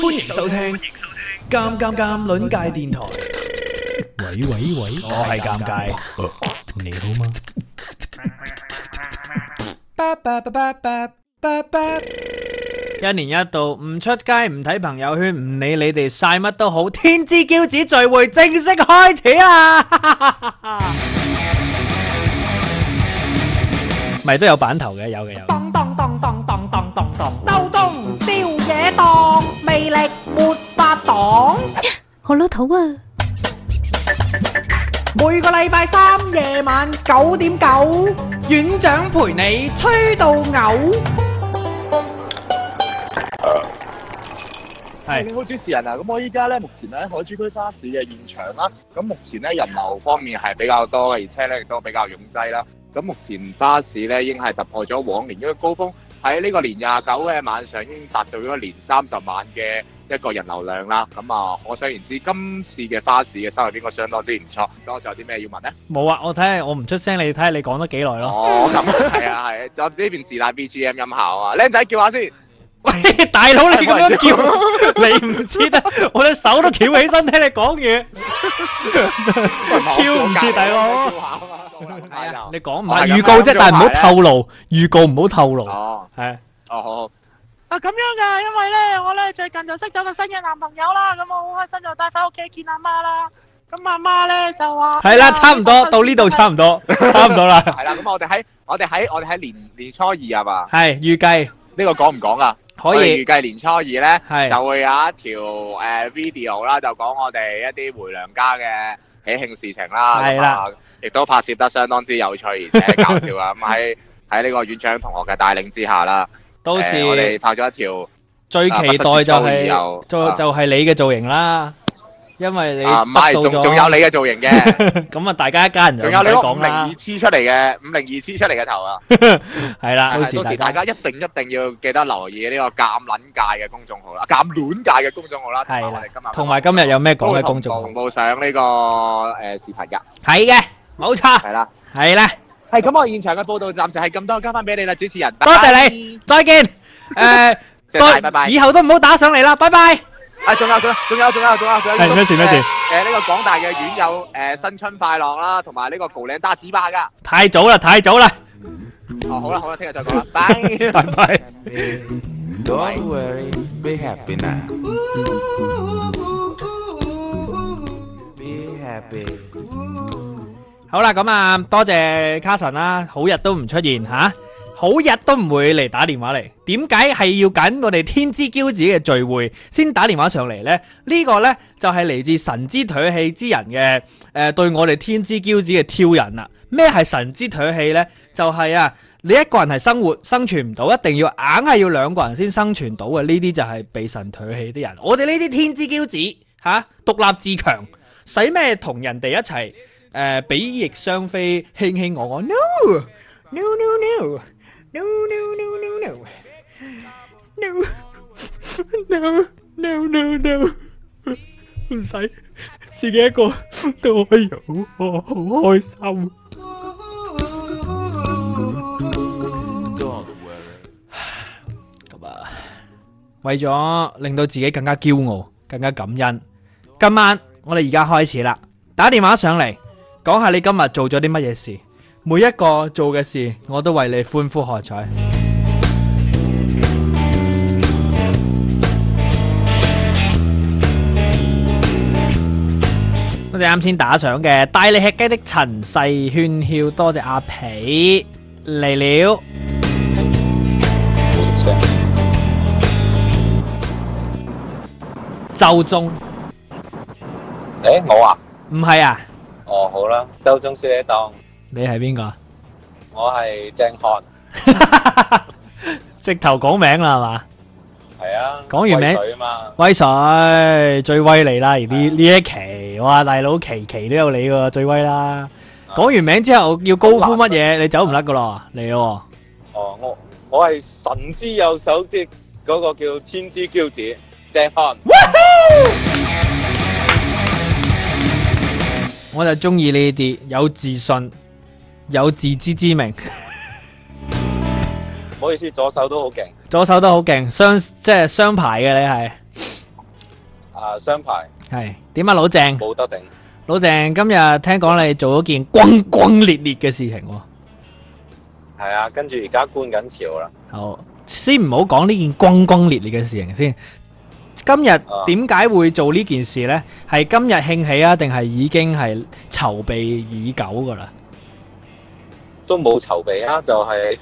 歡迎收聽《尷尷尷》輪界電台。喂喂喂，我係尷尬，你好嗎？一年一度唔出街唔睇朋友圈唔理你哋晒乜都好，天之驕子聚會正式開始啊！咪 都有版頭嘅，有嘅有。當魅力沒法擋，好老土啊！每個禮拜三夜晚九點九，院長陪你吹到嘔。係你好，主持人啊！咁我依家咧目前咧喺海珠區巴士嘅現場啦，咁目前咧人流方面係比較多嘅，而且咧亦都比較擁擠啦。咁目前巴士咧已經係突破咗往年一個高峰。喺呢個年廿九嘅晚上，已經達到咗年三十晚嘅一個人流量啦。咁啊，可想而知今次嘅花市嘅收入應該相當之唔錯。咁我仲有啲咩要問呢？冇啊，我睇下我唔出聲，你睇下你講得幾耐咯。哦，咁係啊，啊，啊，係。就呢邊自帶 BGM 音效啊。靚仔叫下先。喂，大佬你咁樣叫， 你唔知得， 不像 我隻手都翹起身聽你講嘢。翹唔知底咯。 你講埋預告啫，但係唔好透露，預告唔好透露。哦，係。哦好。啊咁樣噶，因為咧，我咧最近就識咗個新嘅男朋友啦，咁我好開心就帶翻屋企見阿媽啦。咁阿媽咧就話係啦，差唔多到呢度，差唔多，差唔多啦。係啦，咁我哋喺我哋喺我哋喺年年初二係嘛？係，預計呢個講唔講啊？可以，預計年初二咧，係就會有一條誒 video 啦，就講我哋一啲回娘家嘅喜慶事情啦。係啦。亦都拍攝得相當之有趣，而且搞笑啊！咁喺喺呢個院長同學嘅帶領之下啦，我哋拍咗一條最期待就係就就係你嘅造型啦，因為你唔係仲有你嘅造型嘅？咁啊大家一家人又唔使講啦。仲有你五零二黐出嚟嘅五零二黐出嚟嘅頭啊！係啦，到時大家一定一定要記得留意呢個鑑撚界嘅公眾號啦，鑑卵界嘅公眾號啦。係啦，同埋今日有咩講嘅公眾號同步上呢個誒視頻㗎係嘅。冇錯，係啦，係啦，係咁啊！我現場嘅報道暫時係咁多，交翻俾你啦，主持人。多謝你，再見。誒，再見，拜拜。以後都唔好打上嚟啦，拜拜。係，仲有，仲有，仲有，仲有，仲有，仲有。係咩事咩事？誒，呢個廣大嘅院友，誒，新春快樂啦，同埋呢個高領打紙包噶。太早啦，太早啦。哦，好啦好啦，聽日再講啦，拜拜。Don't worry, be happy now. Be happy. 好啦，咁啊，多謝卡神啦，啊，好日都唔出現吓，啊，好日都唔會嚟打電話嚟，點解係要緊我哋天之驕子嘅聚會先打電話上嚟呢？呢，這個呢，就係、是，嚟自神之唾棄之人嘅，誒、呃，對我哋天之驕子嘅挑釁啦，啊。咩係神之唾棄呢？就係、是，啊，你一個人係生活生存唔到，一定要硬係要兩個人先生存到嘅。呢啲就係被神唾棄啲人。我哋呢啲天之驕子吓，獨、啊、立自強，使咩同人哋一齊？誒，比翼雙飛，卿卿我我。No，no，no，no，no，no，no，no，no，no，no，唔使自己一個都可以好開心。好嘛，為咗令到自己更加驕傲，更加感恩。今晚我哋而家開始啦，打電話上嚟。講下你今日做咗啲乜嘢事，每一個做嘅事我都為你歡呼喝彩。多謝啱先打賞嘅帶你吃雞的陳世喧囂，多謝阿皮嚟了，就中。誒、欸，冇啊，唔係啊。哦，好啦，周宗師你當，你係邊個啊？我係鄭漢，直頭講名啦係嘛？係啊，講完名，威水啊嘛，威水最威嚟啦！呢呢一期，哇大佬，期期都有你噶，最威啦！講完名之後要高呼乜嘢？你走唔甩噶咯，嚟咯！哦，我我係神之右手，即係嗰個叫天之驕子鄭漢。我就中意呢啲，有自信，有自知之明。唔 好意思，左手都好勁，左手都好勁，雙即係雙排嘅你係。啊，雙排係點啊，老鄭？冇得頂。老鄭今日聽講你做咗件轟轟烈烈嘅事情喎。係啊，跟住而家觀緊潮啦。好，先唔好講呢件轟轟烈烈嘅事情先。今日點解會做呢件事呢？係今日興起啊，定係已經係籌備已久噶啦？都冇籌備啊，就係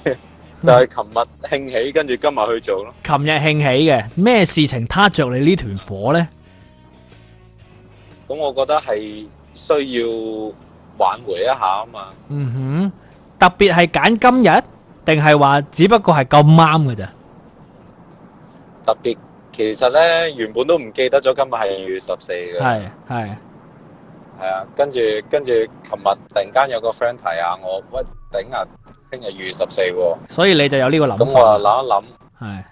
就係琴日興起，跟住今日去做咯。琴日興起嘅咩事情？撻著你呢團火呢？咁我覺得係需要挽回一下啊嘛。嗯哼，特別係揀今日，定係話只不過係咁啱噶咋？特別。其實咧，原本都唔記得咗今日係二月十四嘅。係係係啊，跟住跟住，琴日突然間有個 friend 提下我，喂頂啊，聽日二月十四喎。所以你就有呢個諗法。咁我啊諗一諗。係。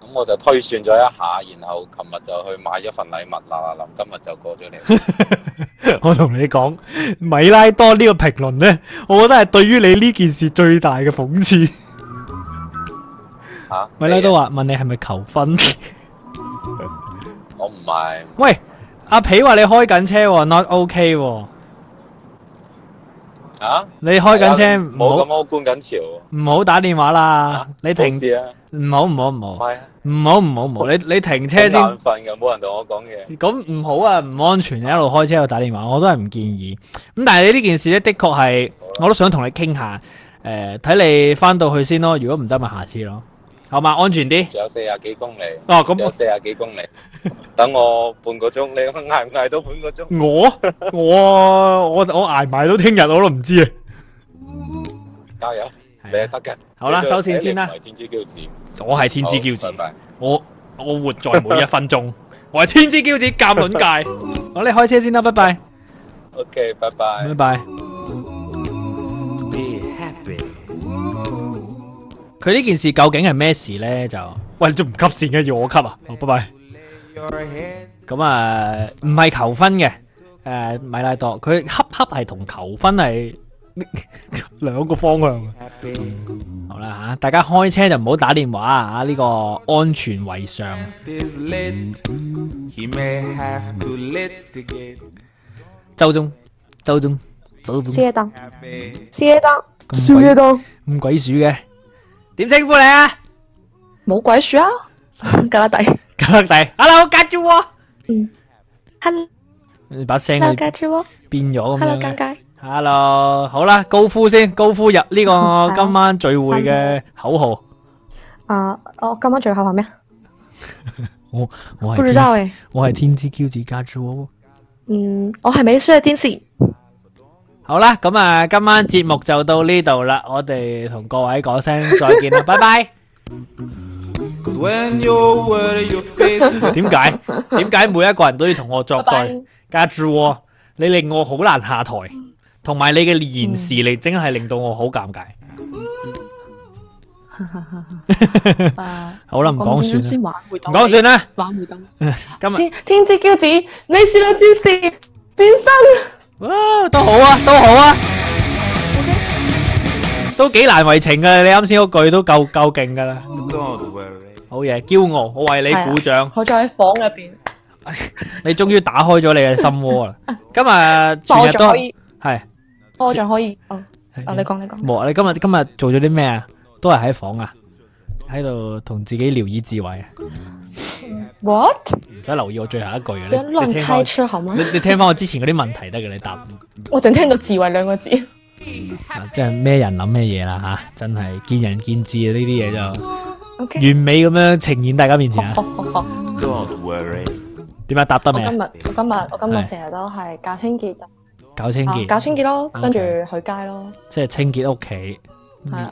咁我就推算咗一下，然後琴日就去買咗份禮物，嗱嗱臨今日就過咗嚟。 我同你講，米拉多呢個評論咧，我覺得係對於你呢件事最大嘅諷刺。吓、啊？米拉多話、啊、問你係咪求婚？我唔係，喂，阿皮話你開緊車喎，not OK 喎。啊！你開緊車唔好咁，我觀緊潮。唔好打電話啦、啊，你停住啊！唔好唔好唔好，唔好唔好唔好，你你停車先。煩嘅，冇人同我講嘢。咁唔好啊，唔安全、啊，一路開車又打電話，我都係唔建議。咁但係你呢件事咧，的確係我都想同你傾下。誒、呃，睇你翻到去先咯，如果唔得咪下次咯。咁啊，安全啲，仲有四廿幾公里，仲有四廿幾公里，等我半個鐘，你挨唔挨到半個鐘？我我我我挨埋到聽日我都唔知啊！加油，你係得嘅。好啦，收線先啦。我係天之驕子，我我活在每一分鐘，我係天之驕子，夾輪界。好，你開車先啦，拜拜。OK，拜拜，拜拜。佢呢件事究竟係咩事咧？就喂，你仲唔吸線嘅，要我吸啊！好，拜拜。咁啊，唔係求婚嘅，誒，米拉多，佢恰恰係同求婚係兩個方向。好啦吓，大家開車就唔好打電話啊！呢個安全為上。周中，周中，周中，宵夜檔，宵夜檔，宵夜檔，唔鬼輸嘅。點稱呼你啊？冇鬼樹啊、 嗯 Hello,！格拉底，格拉底，Hello 格 h e l l 你把聲變咗咁樣。Hello 格介，Hello 好啦，高呼先，高呼入呢個今晚聚會嘅口號、嗯嗯。啊，我今晚聚會口號係咩？我我係不知道誒，我係天,天之驕子格豬窩。嗯，我係美嘅天使。好啦，咁啊，今晚節目就到呢度啦，我哋同各位講聲再見啦，拜拜。點解？點解每一個人都要同我作對？加住你令我好難下台，同埋你嘅言事力真係令到我好尷尬。好啦，唔講算啦，唔講算啦，玩互動。今日天之驕子，你是女戰士，變身。哇，都好啊，都好啊，都幾難為情噶。你啱先嗰句都夠夠勁噶啦。好嘢，驕傲，我為你鼓掌。好在喺房入邊。你終於打開咗你嘅心窩啦。今日全日都係。我仲可以哦。啊，你講你講。冇啊，你今日今日做咗啲咩啊？都係喺房啊，喺度同自己聊以自慰。what 唔使留意我最後一句嘅，你亂開車好嗎？你聽嗎你，你聽翻我之前嗰啲問題得嘅，你答我。 我淨聽到智慧兩個字。即係咩人諗咩嘢啦吓？真係、啊、見仁見智啊！呢啲嘢就完美咁樣呈現大家面前啊。點、okay. 啊？答得未？我今日我今日我今日成日都係搞清潔，搞清潔，搞、啊、清潔咯，跟、okay. 住去街咯。即係清潔屋企，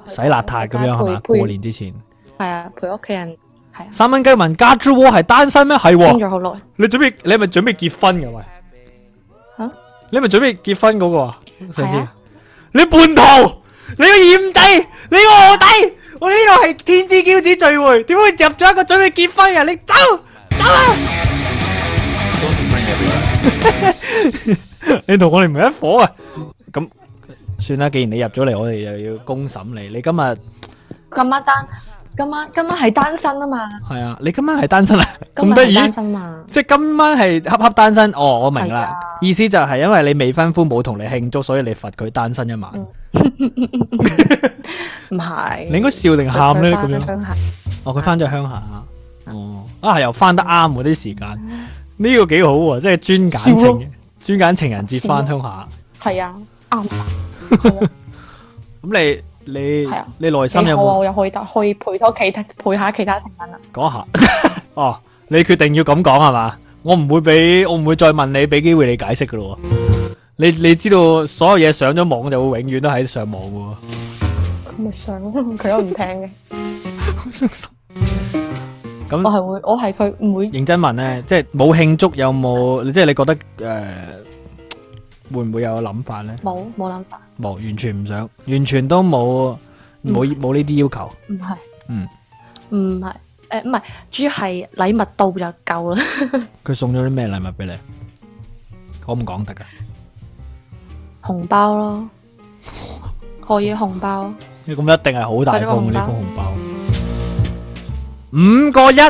洗邋遢咁樣係嘛？過年之前。係啊，陪屋企人。係三蚊雞問家豬窩係單身咩？係，傾咗好耐。你準備你係咪準備結婚㗎喂？吓？你係咪準備結婚嗰個？上次你叛徒，你個二五仔，你個臥底，我呢度係天之驕子聚會，點會入咗一個準備結婚人？你走走啦！你同我哋唔係一夥啊？咁算啦，既然你入咗嚟，我哋又要公審你。你今日咁一單。今晚今晚係單身啊嘛，係啊，你今晚係單身啊，咁得意？即係今晚係恰恰單身，哦，我明啦、啊，意思就係因為你未婚夫冇同你慶祝，所以你罰佢單身一晚，唔、嗯、係， 你應該笑定喊咧咁樣，哦，佢翻咗鄉下、啊，哦，啊，又翻得啱嗰啲時間，呢、啊啊啊啊這個幾好喎，即係專揀情專揀、啊、情人節翻鄉下，係啊，啱、啊，咁、啊 啊啊 嗯、你。你、啊、你內心有冇？我又可以得可以陪到其他陪下其他成分啊。講下 哦，你決定要咁講係嘛？我唔會俾，我唔會再問你，俾機會你解釋噶咯。你你知道所有嘢上咗網就會永遠都喺上網噶。佢咪上佢都唔聽嘅。好傷心。咁我係會，我係佢唔會認真問咧，即係冇慶祝有冇，即係你覺得誒。呃會唔會有諗法咧？冇冇諗法，冇完全唔想，完全都冇冇冇呢啲要求。唔係，嗯，唔係，誒，唔係，主要係禮物到就夠啦。佢送咗啲咩禮物俾你？我唔講得噶？紅包咯，可以紅包。咁一定係好大封嘅呢封紅包，五個一，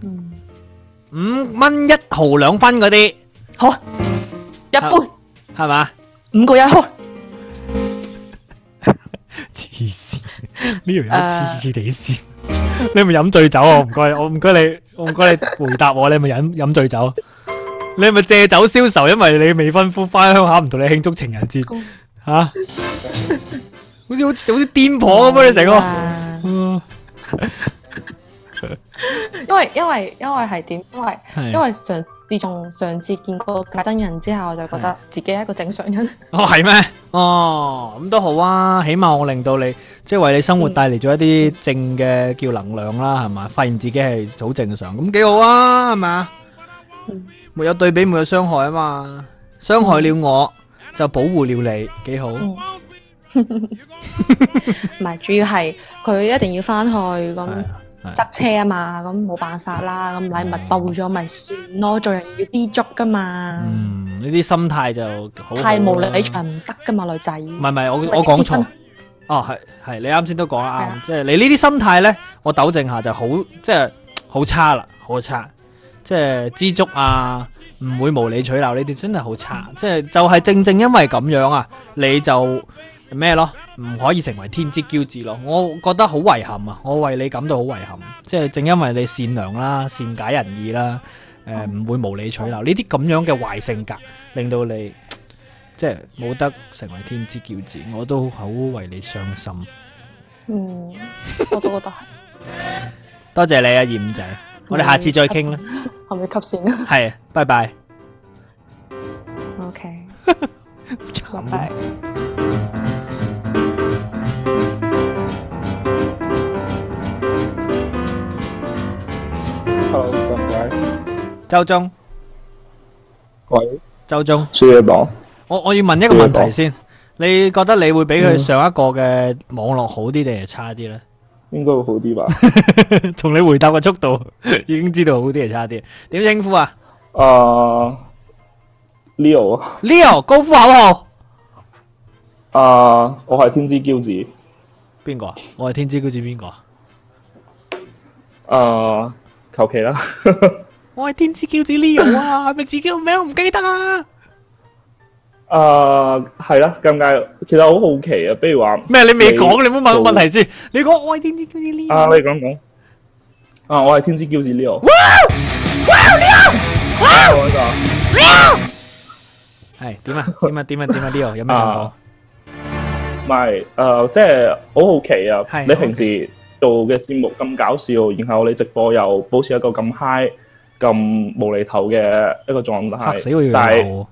嗯，五蚊一毫兩分嗰啲，好。一杯係嘛？五個一開，黐線！呢條友黐線，你你係咪飲醉酒？我唔該，我唔該你，我唔該你回答我，你係咪飲飲醉酒？你係咪借酒消愁？因為你未婚夫翻鄉下唔同你慶祝情人節，吓？好似好似好似癲婆咁樣，你成個？因為因為因為係點？因為因為上。自從上次見過假真人之後，我就覺得自己係一個正常人。哦，係咩？哦，咁都好啊，起碼我令到你，即係為你生活帶嚟咗一啲正嘅叫能量啦，係嘛？發現自己係好正常，咁幾好啊，係嘛？沒有對比，沒有傷害啊嘛，傷害了我就保護了你，幾好。唔係，主要係佢一定要翻去咁。執、啊、車啊嘛，咁冇辦法啦，咁禮物到咗咪算咯，做人、啊、要知足噶嘛。嗯，呢啲心態就好，太無理取人唔得噶嘛，女仔。唔係唔係，我我講錯。哦，係係，你啱先都講啦。即係你態呢啲心態咧，我糾正下就好，即係好差啦，好差，即係知足啊，唔會無理取鬧呢啲真係好差，嗯、即係就係正正因為咁樣啊，你就。咩咯？唔可以成為天之驕子咯？我覺得好遺憾啊！我為你感到好遺憾，即係正因為你善良啦、善解人意啦，誒，唔會無理取鬧，呢啲咁樣嘅壞性格令到你即係冇得成為天之驕子，我都好為你傷心。嗯，我都覺得係。多謝你啊，二五仔，我哋下次再傾啦。係咪要 cut 線啊？係，拜拜。OK，拜拜。Hello，各位，周忠，喂、hey,，周忠，需要講，我我要問一個問題先，你覺得你會比佢上一個嘅網絡好啲定係差啲呢？應該會好啲吧？從 你回答嘅速度已經知道好啲定差啲？點稱呼啊、uh,？Leo，Leo 高呼口號。誒、uh,，我係天之驕子，邊個啊？我係天之驕子邊個？Uh, 求其啦，我係天之驕子 Leo 啊，係 咪自己個名我唔記得啊？啊、呃，係啦，咁解，其實好好奇啊，比如話咩？你未講，你唔好問個問題先。你講我係天之驕子 Leo 啊。啊，你講講。啊，我係天之驕子 Leo。哇！哇！Leo！哇！Leo！係點啊？點、 哎、 啊？點啊？點啊？Leo 有咩想講？唔係，誒，即係好好奇啊！你平時、okay。做嘅節目咁搞笑，然後你直播又保持一個咁 high、咁無厘頭嘅一個狀態，但係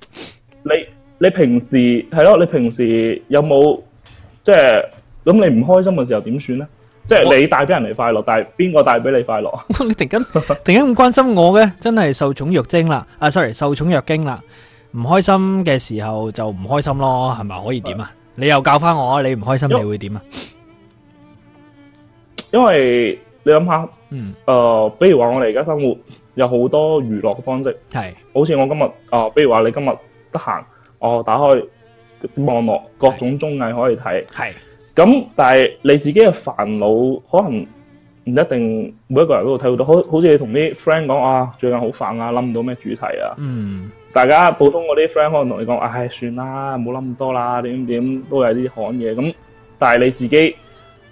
你你平時係咯，你平時有冇即係咁你唔開心嘅時候點算呢？即係你帶俾人哋快樂，但係邊個帶俾你快樂啊？你突然間突然間咁關心我嘅，真係受寵若驚啦！啊，sorry，受寵若驚啦！唔開心嘅時候就唔開心咯，係咪可以點啊？你又教翻我，你唔開心你會點啊？因為你諗下，誒、呃，比如話我哋而家生活有好多娛樂嘅方式，係，好似我今日，啊、呃，比如話你今日得閒，我、呃、打開網絡各種綜藝可以睇，係，咁但係你自己嘅煩惱可能唔一定每一個人都會睇到，好好似你同啲 friend 講啊，最近好煩啊，諗唔到咩主題啊，嗯，大家普通嗰啲 friend 可能同你講，唉、哎，算啦，唔好諗咁多啦，點點都有啲寒嘢，咁但係你自己。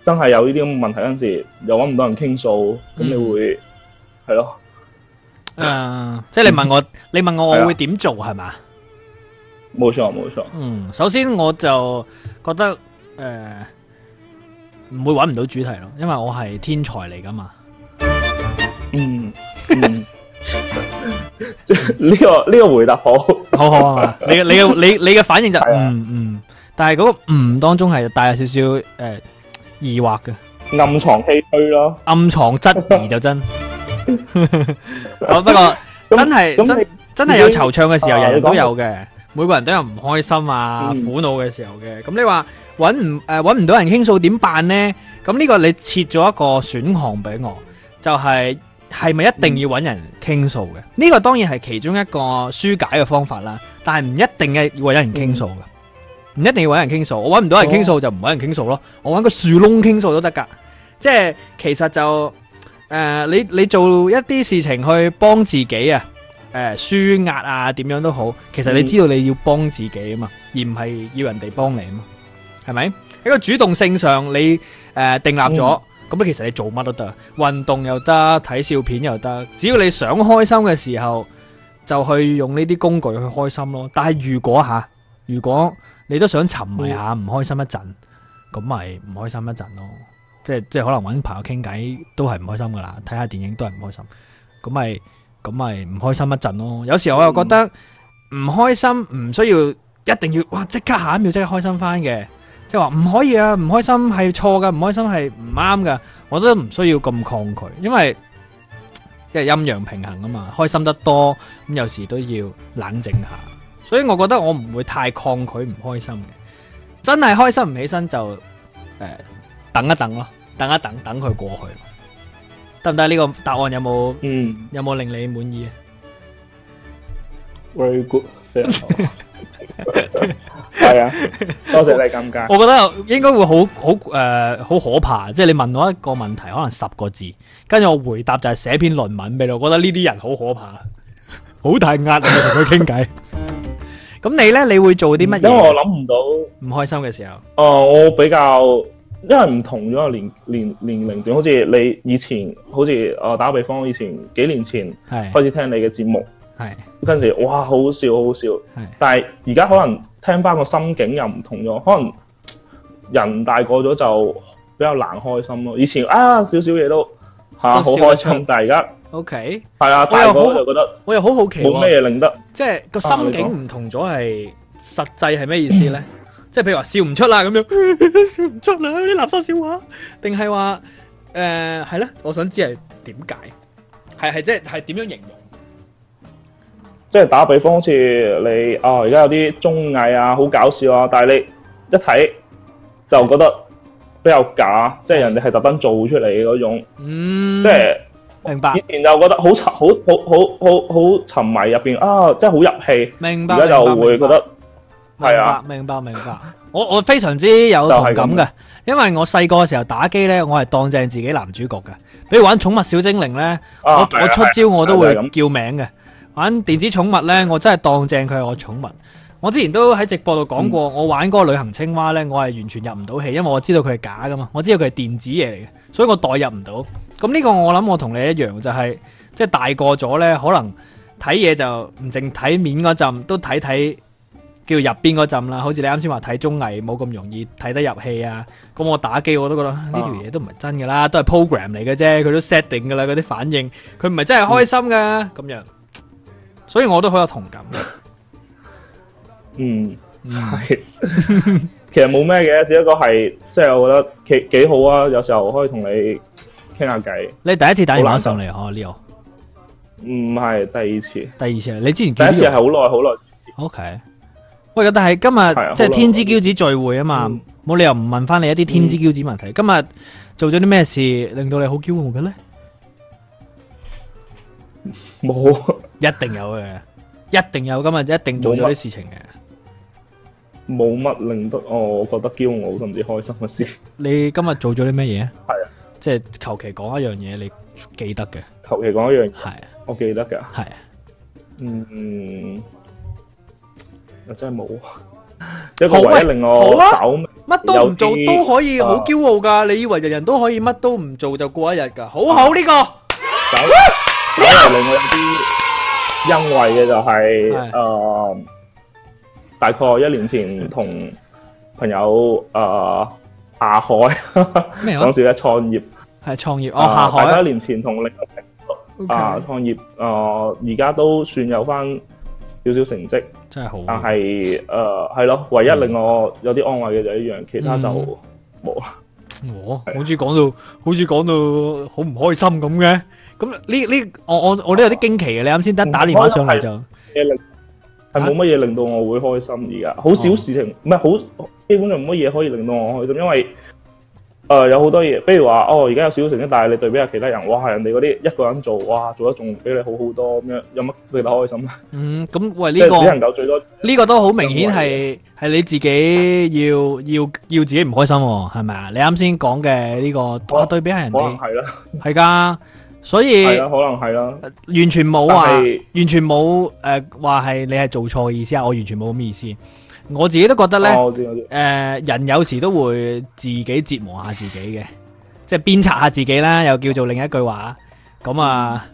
真係有呢啲咁嘅問題嗰陣時，又揾唔到人傾訴，咁你會係咯？誒，即係你問我，你問我，我會點做係咪？冇錯，冇錯。嗯，首先我就覺得誒，唔會揾唔到主題咯，因為我係天才嚟㗎嘛。嗯嗯。呢個呢個回答好，好好啊！你嘅你嘅你你嘅反應就嗯嗯，但係嗰個唔當中係帶少少誒。疑惑嘅，暗藏氣虛咯，暗藏質疑就真。 不過真係、嗯、真、嗯、真係、嗯、有惆悵嘅時候，人、啊、人都有嘅、嗯，每個人都有唔開心啊、嗯、苦惱嘅時候嘅。咁你話揾唔誒揾唔到人傾訴點辦呢？咁呢個你設咗一個選項俾我，就係係咪一定要揾人傾訴嘅？呢、嗯，呢個當然係其中一個疏解嘅方法啦，但係唔一定係要揾人傾訴嘅。嗯唔一定要揾人傾訴，我揾唔到人傾訴就唔揾人傾訴咯。哦、我揾個樹窿傾訴都得噶，即係其實就誒、呃，你你做一啲事情去幫自己、呃、舒壓啊，誒舒壓啊，點樣都好。其實你知道你要幫自己啊嘛，嗯、而唔係要人哋幫你啊嘛，係咪？喺個主動性上，你誒、呃、訂立咗咁，嗯、其實你做乜都得，運動又得，睇笑片又得，只要你想開心嘅時候就去用呢啲工具去開心咯。但係如果吓、啊，如果。你都想沉迷下，唔開心一陣，咁咪唔開心一陣咯。即係即係可能搵朋友傾偈都係唔開心噶啦，睇下電影都係唔開心，咁咪咁咪唔開心一陣咯。有時候我又覺得嗯、唔開心，唔需要一定要哇即刻下一秒即刻開心翻嘅，即係話唔可以啊，唔開心係錯噶，唔開心係唔啱噶，我都唔需要咁抗拒，因為即係陰陽平衡啊嘛，開心得多咁有時都要冷靜下。 所以我覺得我唔會太抗拒唔開心嘅，真係開心唔起身就誒、呃、等一等咯，等一等，等佢過去，得唔得？呢、這個答案有冇？嗯，有冇令你滿意啊？Very good，非常好，係啊，多謝，謝你咁講。我，我覺得應該會好好誒，好、呃、可怕。即、就、係、是、你問我一個問題，可能十個字，跟住我回答就係寫篇論文俾你。我覺得呢啲人好可怕，好大壓力同佢傾偈。 咁你咧，你會做啲乜嘢？因為我諗唔到唔開心嘅時候。哦、呃，我比較因為唔同咗個年年年齡段，好似你以前，好似誒打個比方，以前幾年前開始聽你嘅節目，係跟住哇，好笑，好笑。係，但係而家可能聽翻個心境又唔同咗，可能人大個咗就比較難開心咯。以前啊，少少嘢都吓好、啊、開心，但係而家，OK，係啊，大個就覺得我又好好奇、哦，冇咩嘢令得。即係個心境唔同咗，係、啊、實際係咩意思咧、嗯？即係譬如話笑唔出啦咁樣，笑唔出啦啲垃圾笑話，定係話誒係咧？我想知係點解？係係即係點樣形容？即係打比方，好似你啊，哦、而家有啲綜藝啊，好搞笑啊，但係你一睇就覺得比較假，係即係人哋係特登做出嚟嗰種，嗯、即係。明白，以前就覺得好沉，好好好好好沉迷入邊啊，真係好入戲。明白，而家就會覺得係啊，明白明白。明白 我我非常之有同感嘅、就是，因為我細個嘅時候打機呢，我係當正自己男主角嘅。比如玩《寵物小精靈》呢，啊、我我出招我都會叫名嘅、就是。玩電子寵物呢，我真係當正佢係我寵物。我之前都喺直播度講過、嗯，我玩嗰個旅行青蛙呢，我係完全入唔到戲，因為我知道佢係假噶嘛，我知道佢係電子嘢嚟嘅，所以我代入唔到。咁呢個我諗我同你一樣，就係即係大個咗呢，可能睇嘢就唔淨睇面嗰陣，都睇睇叫入邊嗰陣啦。好似你啱先話睇綜藝冇咁容易睇得入戲啊。咁我打機我都覺得呢條嘢都唔係真噶啦，都係 program 嚟嘅啫，佢都 set 定噶啦，嗰啲反應佢唔係真係開心噶咁、嗯、樣，所以我都好有同感。 嗯，係、嗯，其實冇咩嘅， 只不過係，即係我覺得幾幾好啊，有時候可以同你傾下偈。你第一次打電話上嚟，哦 Leo？唔係，第二次。第二次，你之前、這個、第一次係好耐好耐。O、okay. K，喂，但係今日即係天之驕子聚會啊嘛，冇、嗯、理由唔問翻你一啲天之驕子問題。嗯、今日做咗啲咩事令到你好驕傲嘅咧？冇，一定有嘅，一定有。今日一定做咗啲事情嘅。冇乜令得我覺得驕傲甚至開心嘅事。你今日做咗啲咩嘢？係啊，即係求其講一樣嘢你記得嘅。求其講一樣，係，我記得嘅。係啊，嗯，我真係冇啊。一個位令我好啊，乜都唔做都可以好驕傲㗎。你以為人人都可以乜都唔做就過一日㗎？好好呢個。走。令我有啲欣慰嘅就係，誒。大概一年前同朋友誒、呃、下海，嗰 時咧創業係創業哦。下海，一年前同另一個啊創業，誒而家都算有翻少少成績，真係好。但係誒係咯，唯一令我有啲安慰嘅就一樣，其他就冇啦、嗯。 我好似講到好似講到好唔開心咁嘅，咁呢呢我我我都有啲驚奇嘅、啊。你啱先得，打電話上嚟就。係冇乜嘢令到我會開心而家，好少事情，唔係好，基本上冇乜嘢可以令到我開心，因為誒、呃、有好多嘢，譬如話哦而家有少少成績，但係你對比下其他人，哇人哋嗰啲一個人做，哇做得仲比你好好多咁樣，有乜值得開心啊？嗯，咁、嗯、喂呢、這個，就是、只能夠最多呢個都好明顯，係係你自己要要要自己唔開心，係咪啊？你啱先講嘅呢個，我對比下人哋，可能係啦，係噶。 所以，可能係啦，完全冇啊，完全冇誒，話係你係做錯嘅意思啊，我完全冇咁嘅意思。我自己都覺得咧，誒，人有時都會自己折磨下自己嘅，即係鞭策下自己啦，又叫做另一句話。咁啊，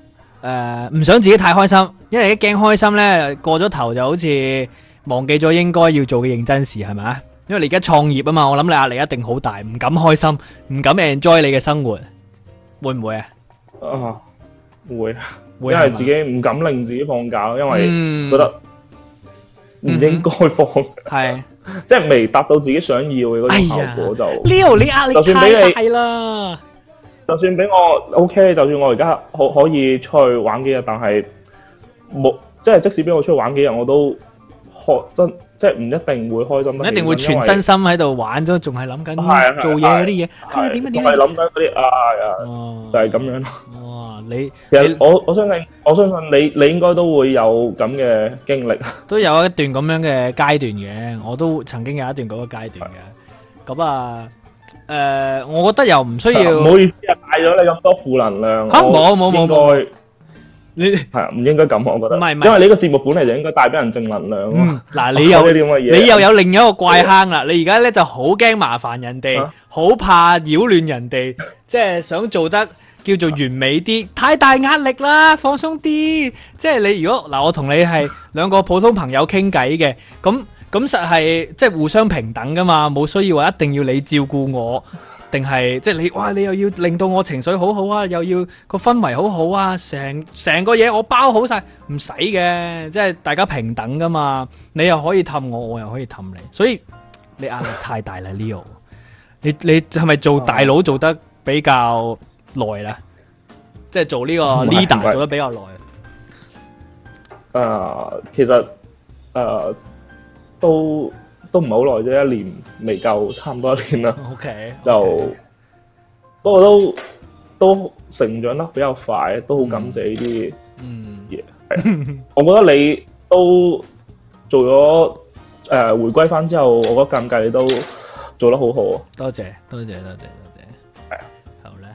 誒，唔想自己太開心，因為一驚開心咧，過咗頭就好似忘記咗應該要做嘅認真事，係咪啊？因為你而家創業啊嘛，我諗你壓力一定好大，唔敢開心，唔敢 enjoy 你嘅生活，會唔會啊？啊，會啊，因為自己唔敢令自己放假，因為覺得唔應該放，係、嗯， 即係未達到自己想要嘅種效果、哎、就。Leo，你啊，你壓力太大啦，就算俾你，就算俾我，OK，就算我而家可可以出去玩幾日，但係冇，即係即使俾我出去玩幾日，我都學真。即係唔一定會開心，一定會全身心喺度玩，都仲係諗緊做嘢嗰啲嘢。係啊係啊，係諗緊嗰啲啊呀，就係咁樣。哇！你其實我我相信，我相信你你應該都會有咁嘅經歷，都有一段咁樣嘅階段嘅。我都曾經有一段嗰個階段嘅。咁啊，誒，我覺得又唔需要。唔好意思啊，帶咗你咁多負能量。吓，冇冇冇，唔該。你係啊，唔應該咁，我覺得。唔係唔係，因為你個節目本嚟就應該帶俾人正能量嗱、嗯，你又你又有另一個怪坑啦、哦，你而家咧就好驚麻煩人哋，好、啊、怕擾亂人哋，即、就、係、是、想做得叫做完美啲、啊，太大壓力啦，放鬆啲。即、就、係、是、你如果嗱，我同你係兩個普通朋友傾偈嘅，咁 咁實係即係互相平等噶嘛，冇需要話一定要你照顧我。定係即係你，哇！你又要令到我情緒好好啊，又要個氛圍好好啊，成成個嘢我包好晒，唔使嘅。即係大家平等噶嘛，你又可以氹我，我又可以氹你。所以你壓力太大啦，Leo。你你係咪做大佬做得比較耐咧？Oh. 即係做呢個 leader 做得比較耐。誒、呃，其實誒、呃、都。都唔係好耐啫，一年未夠，差唔多一年啦。OK，就不過都都成長得比較快，都好感謝呢啲嘢。係，我覺得你都做咗誒回歸翻之後，我覺得近季你都做得好好。多謝多謝多謝多謝。係啊，好咧。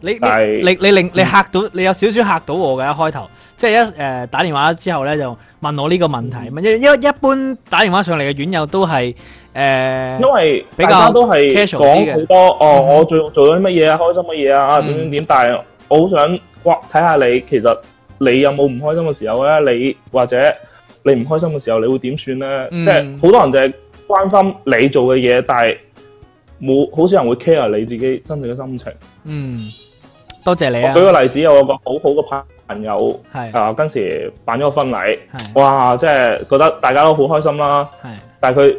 你你你你令你嚇到你有少少嚇到我嘅，一開頭。即係一誒打電話之後咧，就問我呢個問題，嗯、因一一般打電話上嚟嘅院友都係誒、呃，因為比較都係講好多哦、嗯，我做做咗啲乜嘢啊，開心乜嘢啊，點點點。但係我好想哇睇下你，其實你有冇唔開心嘅時候咧？你或者你唔開心嘅時候，你會點算咧？即係好多人就係關心你做嘅嘢，但係冇好少人會 care 你自己真正嘅心情。嗯，多謝你啊！我舉個例子，我有一個很好好嘅朋朋友係啊、呃，跟時辦咗個婚禮，哇！即係覺得大家都好開心啦。係，但係佢私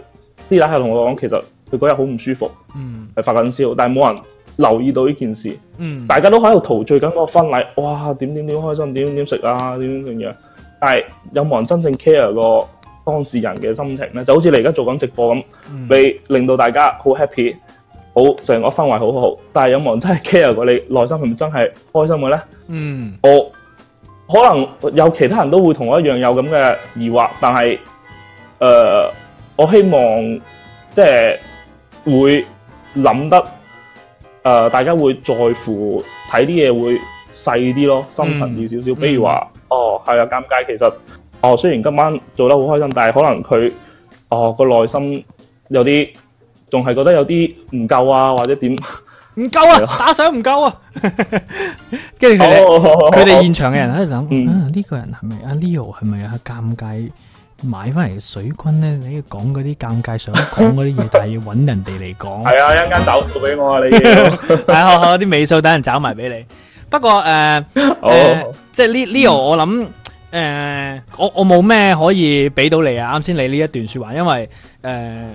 底下同我講，其實佢嗰日好唔舒服，係、嗯、發緊燒，但係冇人留意到呢件事。嗯，大家都喺度陶醉緊個婚禮，哇！點點點開心，點點食啊，點點樣，樣，樣。但係有冇人真正 care 過當事人嘅心情咧？就好似你而家做緊直播咁，你、嗯、令到大家好 happy，好成個氛圍好好好，但係有冇人真係 care 過你內心係咪真係開心嘅咧？嗯，我。可能有其他人都會同我一樣有咁嘅疑惑，但係誒、呃，我希望即係會諗得誒、呃，大家會在乎睇啲嘢會細啲咯，深層啲少少。比如話、嗯，哦，係啊，尷尬。其實，哦，雖然今晚做得好開心，但係可能佢哦個內心有啲仲係覺得有啲唔夠啊，或者點？唔夠啊！打賞唔夠啊！跟住佢哋，佢哋現場嘅人喺度諗呢個人係咪阿 Leo 係咪有啲尷尬買翻嚟水軍咧？你要講嗰啲尷尬想講嗰啲嘢， 但係要揾人哋嚟講。係啊，一陣間找數俾我啊， 你要係啊，啲好尾、 哎、數等人找埋俾你。不過誒、呃呃，即係 Leo，我諗誒，我、呃、我冇咩可以俾到你啊！啱先你呢一段說話，因為誒。呃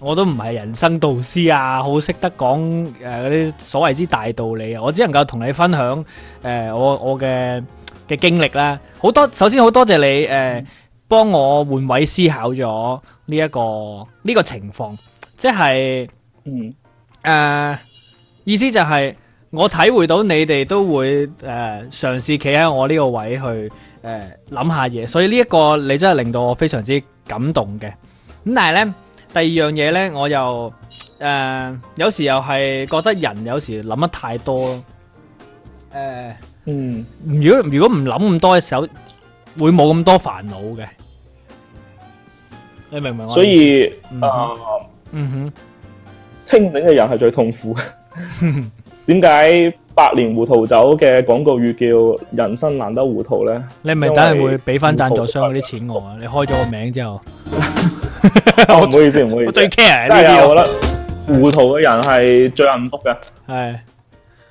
我都唔係人生導師啊，好識得講誒嗰啲所謂之大道理啊，我只能夠同你分享誒、呃、我我嘅嘅經歷啦。好多首先好多謝你誒、呃嗯、幫我換位思考咗呢一個呢、呢個情況，即係嗯、呃、意思就係、是、我體會到你哋都會誒、呃、嘗試企喺我呢個位去誒諗、呃、下嘢，所以呢一個你真係令到我非常之感動嘅。咁但係咧。第二樣嘢咧，我又誒、呃，有時又係覺得人有時諗得太多咯。誒、呃，嗯，如果如果唔諗咁多嘅時候，會冇咁多煩惱嘅。你明唔明我？所以，嗯哼，啊、嗯哼清醒嘅人係最痛苦嘅。點 解 百年糊塗酒嘅廣告語叫人生難得糊塗咧？你唔係等下會俾翻讚助商嗰啲錢我啊？你開咗個名之後。 唔好意思，唔好意思。我最 care 呢啲咯。我覺得糊塗嘅人係最幸福嘅。係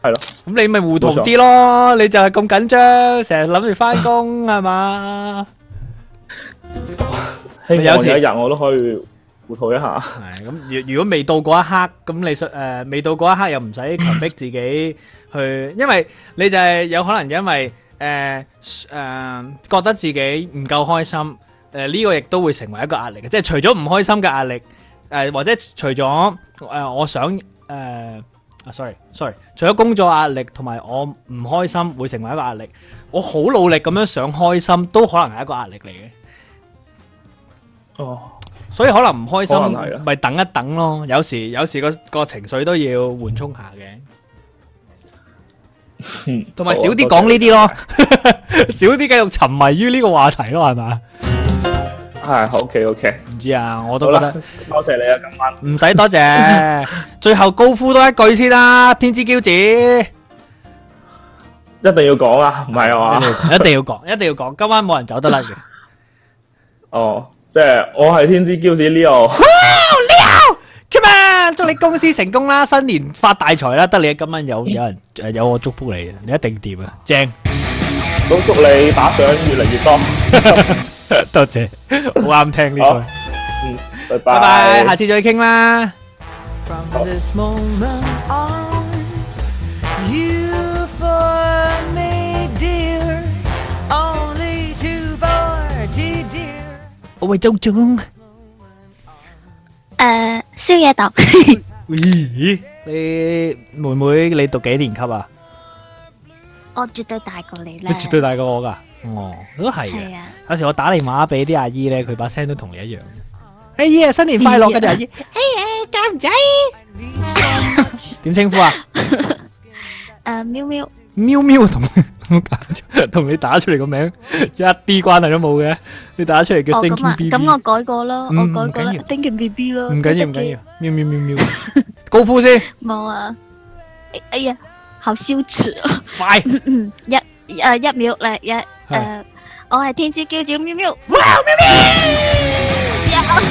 係咯，咁你咪糊塗啲咯。你就係咁緊張，成日諗住翻工係嘛？希望有一日我都可以糊塗一下。係咁，如如果未到嗰一刻，咁你誒未到嗰一刻又唔使強迫自己去，因為你就係有可能因為誒誒覺得自己唔夠開心。誒、呃，呢、這個亦都會成為一個壓力嘅，即係除咗唔開心嘅壓力，誒、呃、或者除咗誒、呃、我想誒、呃啊、，sorry sorry，除咗工作壓力同埋我唔開心會成為一個壓力，我好努力咁樣想開心都可能係一個壓力嚟嘅。哦，所以可能唔開心咪等一等咯，有時有時個個情緒都要緩衝下嘅。同埋少啲講呢啲咯，少、哦、啲 繼續沉迷於呢個話題咯，係咪？係，OK，OK，唔知啊，我都得。多謝你啊，今晚唔使多謝，最後高呼多一句先啦。天之驕子，一定要講啊，唔係我啊，一定要講，一定要講，今晚冇人走得甩嘅。哦，即係我係天之驕子 Leo，Leo，Come on，祝你公司成功啦，新年發大財啦，得你今晚有有人誒有我祝福你，你一定掂啊，正，都祝你打賞越嚟越多。多謝，好啱聽呢句。嗯，拜拜，下次再傾啦。我喂周總，誒，宵夜檔。咦？你妹妹你讀幾年級啊？我絕對大過你啦。你絕對大過我噶？哦，都係嘅。有時我打電話俾啲阿姨咧，佢把聲都同你一樣。阿姨，新年快樂嘅就係，誒誒，狗仔點稱呼啊？誒，喵喵，喵喵同同你打出嚟個名一啲關係都冇嘅，你打出嚟叫丁健 B B 咯。咁啊，咁我改過咯，我改過丁健 B B 咯。唔緊要唔緊要，喵喵喵喵，高呼先。冇啊，哎呀，好羞恥。快，一誒一秒嚟一。誒、呃，我係天之驕子喵喵，哇喵喵！Yeah!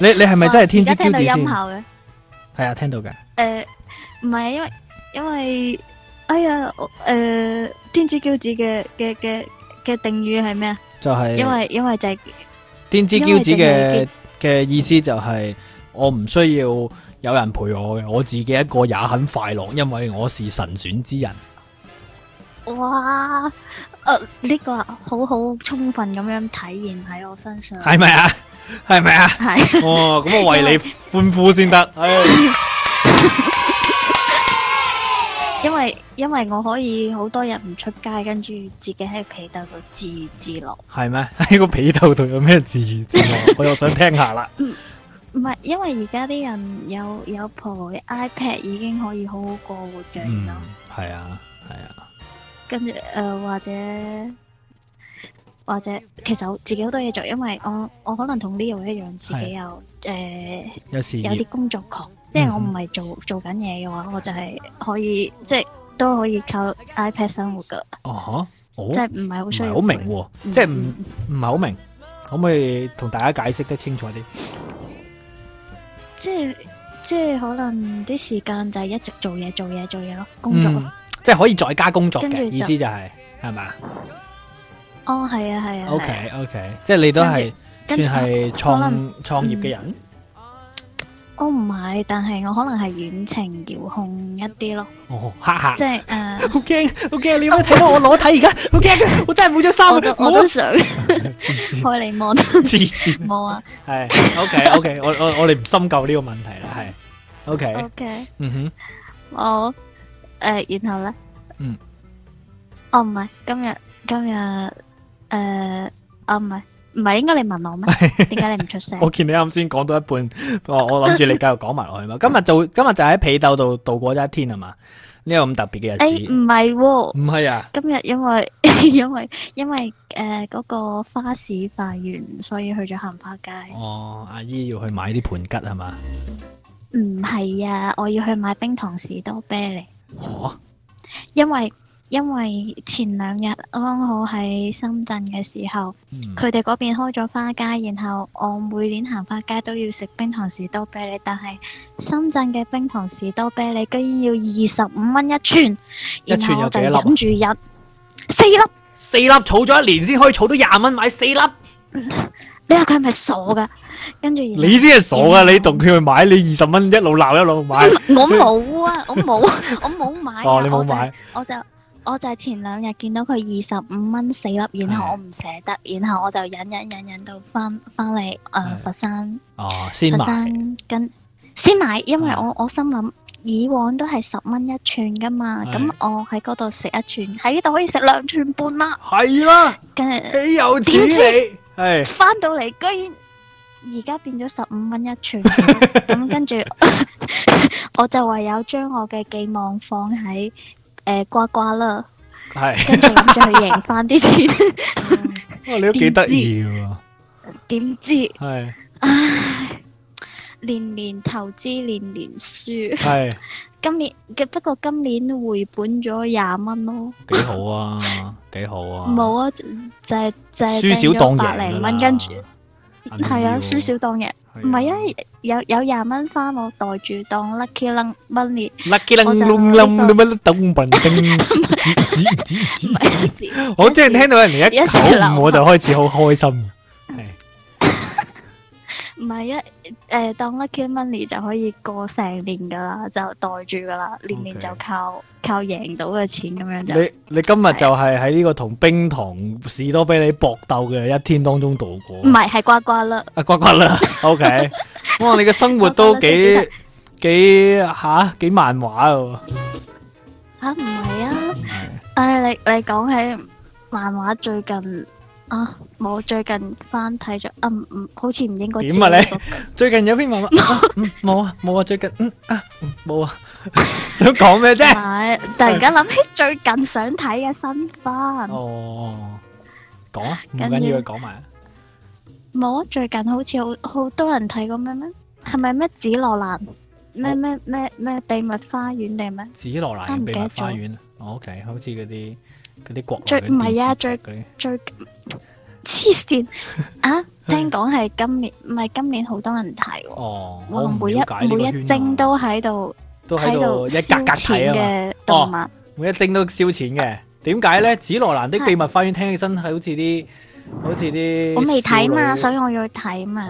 你你係咪真係天之驕子先？聽到音效嘅？係啊，聽到噶。誒、呃，唔係，因為因為哎呀，誒、呃、天之驕子嘅嘅嘅嘅定語係咩啊？就係、是、因為因為就係、是、天之驕子嘅嘅意思就係我唔需要有人陪我嘅，我自己一個也很快樂，因為我是神選之人。哇！誒、啊，呢、這個好好充分咁樣體現喺我身上，係咪啊？係咪啊？係。哦，咁我為你歡呼先得。因為、哎、因為因為我可以好多日唔出街，跟住自己喺被竇度自娛自樂。係咩？喺個被竇度有咩自娛自樂？ 我又想聽下啦。唔係，因為而家啲人有有部 iPad 已經可以好好過活嘅啦。係、嗯、啊，係啊。跟住誒、呃，或者或者，其實我自己好多嘢做，因為我我可能同 Leo 一樣，自己又誒、呃、有事有啲工作狂，嗯、即係我唔係做做緊嘢嘅話，我就係可以即係都可以靠 iPad 生活㗎、啊。哦，即係唔係好需要，好明、嗯，即係唔唔係好明、嗯，可唔可以同大家解釋得清楚啲？即係即係可能啲時間就係一直做嘢，做嘢，做嘢咯，工作、嗯即係可以在家工作嘅意思就係，係咪啊？哦，係啊，係啊。O K，O K，即係你都係算係創創業嘅人。我唔係，但係我可能係遠程遙控一啲咯。哦，黑客。即係誒，好驚，好驚，你乜睇我裸體而家？好驚，我真係冇咗衫。我都想開你望。黐線望啊！係 O K，O K，我我我哋唔深究呢個問題啦。係 O K，O K，嗯哼，我。誒，然後咧？嗯。哦，唔係，今日今日誒，啊唔係，唔係應該你問我咩？點解你唔出聲？我見你啱先講到一半，我我諗住你繼續講埋落去嘛。今日做，今日就喺被竇度度過咗一天係嘛？呢個咁特別嘅日子。誒，唔係喎。唔係啊。今日因為因為因為誒嗰個花市快完，所以去咗行花街。哦，阿姨要去買啲盆吉係嘛？唔係啊，我要去買冰糖士多啤梨。因為因為前兩日啱好喺深圳嘅時候，佢哋嗰邊開咗花街，然後我每年行花街都要食冰糖士多啤梨。但係深圳嘅冰糖士多啤梨居然要二十五蚊一串，然後我就忍住飲四粒，四粒，儲咗一年先可以儲到廿蚊買四粒。 你話佢係咪傻噶？跟住你先係傻噶，你同佢去買，你二十蚊一路鬧一路買。我冇啊，我冇，我冇買。哦，你冇買。我就我就係前兩日見到佢二十五蚊四粒，然後我唔捨得，然後我就忍忍忍忍到翻翻嚟誒佛山。哦，先買。佛山咁先買，因為我我心諗以往都係十蚊一串噶嘛，咁我喺嗰度食一串，喺呢度可以食兩串半啦。係啦。跟住有錢你？翻到嚟，居然而家變咗十五蚊一串，咁、 嗯、跟住 我就唯有將我嘅寄望放喺誒瓜瓜啦。係、呃，跟住再、嗯、 贏翻啲錢。 哇！你都幾得意喎。點知？係。唉。年年投資年年輸，係今年嘅，不過今年回本咗廿蚊咯，幾好啊，幾好啊！冇啊，就係就係輸少當贏啦，係啊，輸少當贏。唔係啊，有有廿蚊翻我，袋住當 lucky lucky money。我即係聽到人哋一講，我就開始好開心。唔係一，誒當 lucky money 就可以過成年噶啦，就袋住噶啦，年年就靠靠贏到嘅錢咁樣就。你你今日就係喺呢個同冰糖士多啤梨搏鬥嘅一天當中度過。唔係，係刮刮啦，阿刮刮啦，OK。我話你嘅生活都幾幾嚇幾漫畫喎。嚇唔係啊！誒，你你講起漫畫最近。啊！冇最近翻睇咗，嗯嗯，好似唔應該點啊！你最近有篇漫畫冇啊？冇啊最近，嗯啊冇啊，想講咩啫？突然間諗起最近想睇嘅新番哦，講啊，唔緊要，講埋。冇啊！最近好似好好多人睇過咩咩？係咪咩紫羅蘭？咩咩咩咩秘密花園定咩？紫羅蘭秘密花園，OK，好似嗰啲。嗰啲國最唔係啊，最最黐線啊！聽講係今年唔係今年，好多人睇喎。哦，我每一每一幀都喺度都喺度燒錢嘅動物，每一幀都燒錢嘅。點解咧？紫羅蘭的秘密花園聽起身係好似啲好似啲。我未睇嘛，所以我要去睇嘛，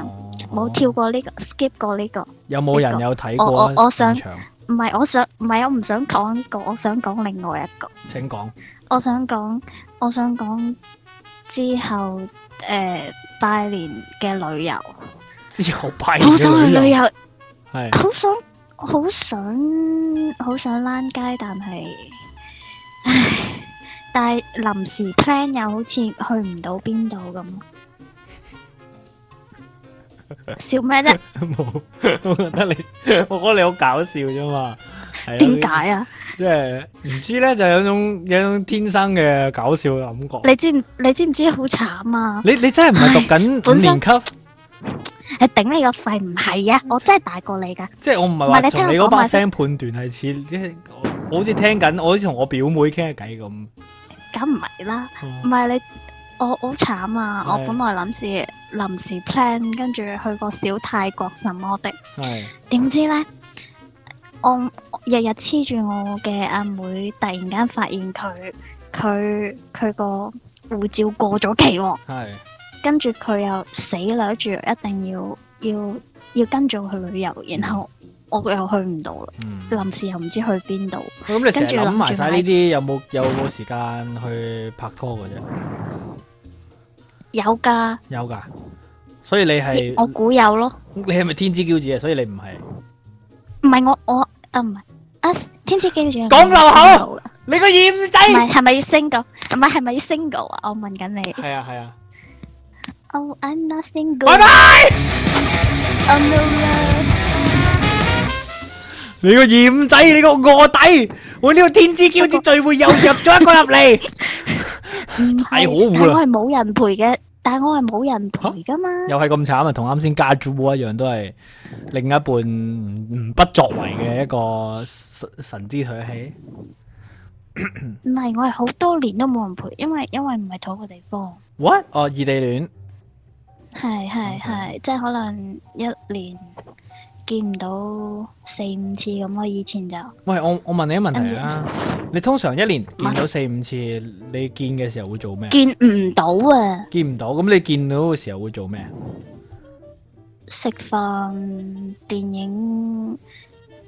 冇跳過呢個，skip 過呢個。有冇人有睇過咧？全場唔係，我想唔係，我唔想講呢個，我想講另外一個。請講。我想講，我想講之後誒、呃、拜年嘅旅遊。之後拜年的。好想去旅遊。係。好想，好想，好想躝街，但係，唉， 但係臨時 plan 又好似去唔到邊度咁。笑咩啫麼？冇， 我覺得你，我覺得你好搞笑啫嘛。點 解啊？ 即係唔知咧，就有、是、種有種天生嘅搞笑嘅感覺。你知唔你知唔知好慘啊？你你真係唔係讀緊五年級？你頂你個肺唔係啊！我真係大過你噶。即係我唔係話從你嗰把聲判斷係似，即係我，我，我好似聽緊我好似同我表妹傾下偈咁。咁唔係啦，唔係你我好慘啊！我本來諗住臨時 plan，跟住去個小泰國什麼的，點知咧？我日日黐住我嘅阿妹、妹，突然間發現佢佢佢個護照過咗期喎，跟住佢又死賴住一定要要要跟住去旅遊，嗯、然後我又去唔到啦，臨、嗯、時又唔知去邊度。咁、嗯、你成日諗埋晒呢啲，有冇有冇時間去拍拖噶啫？有噶，有噶，所以你係我估有咯。你係咪天之驕子啊？所以你唔係，唔係我我。我啊唔係啊，天之驕子聚會講漏口，你個鹽仔，係咪要 single？唔係係咪要 single 啊？我問緊你。係啊係啊。Oh，I'm not single。拜拜。你個鹽仔，你個臥底，我呢個天之驕子之聚會又入咗一個入嚟，太可惡啦！我係冇人陪嘅。但係我係冇人陪噶嘛，又係咁慘啊！同啱先家主一樣，都係另一半唔不作為嘅一個神之腿氣。唔係， 我係好多年都冇人陪，因為因為唔係同一個地方。What？哦、啊，異地戀。係係係，Okay. 即係可能一年。見唔到四五次咁，我以前就。喂，我我問你一個問題啊，你通常一年見到四五次，你見嘅時候會做咩？見唔到啊！見唔到，咁你見到嘅時候會做咩？食飯、電影、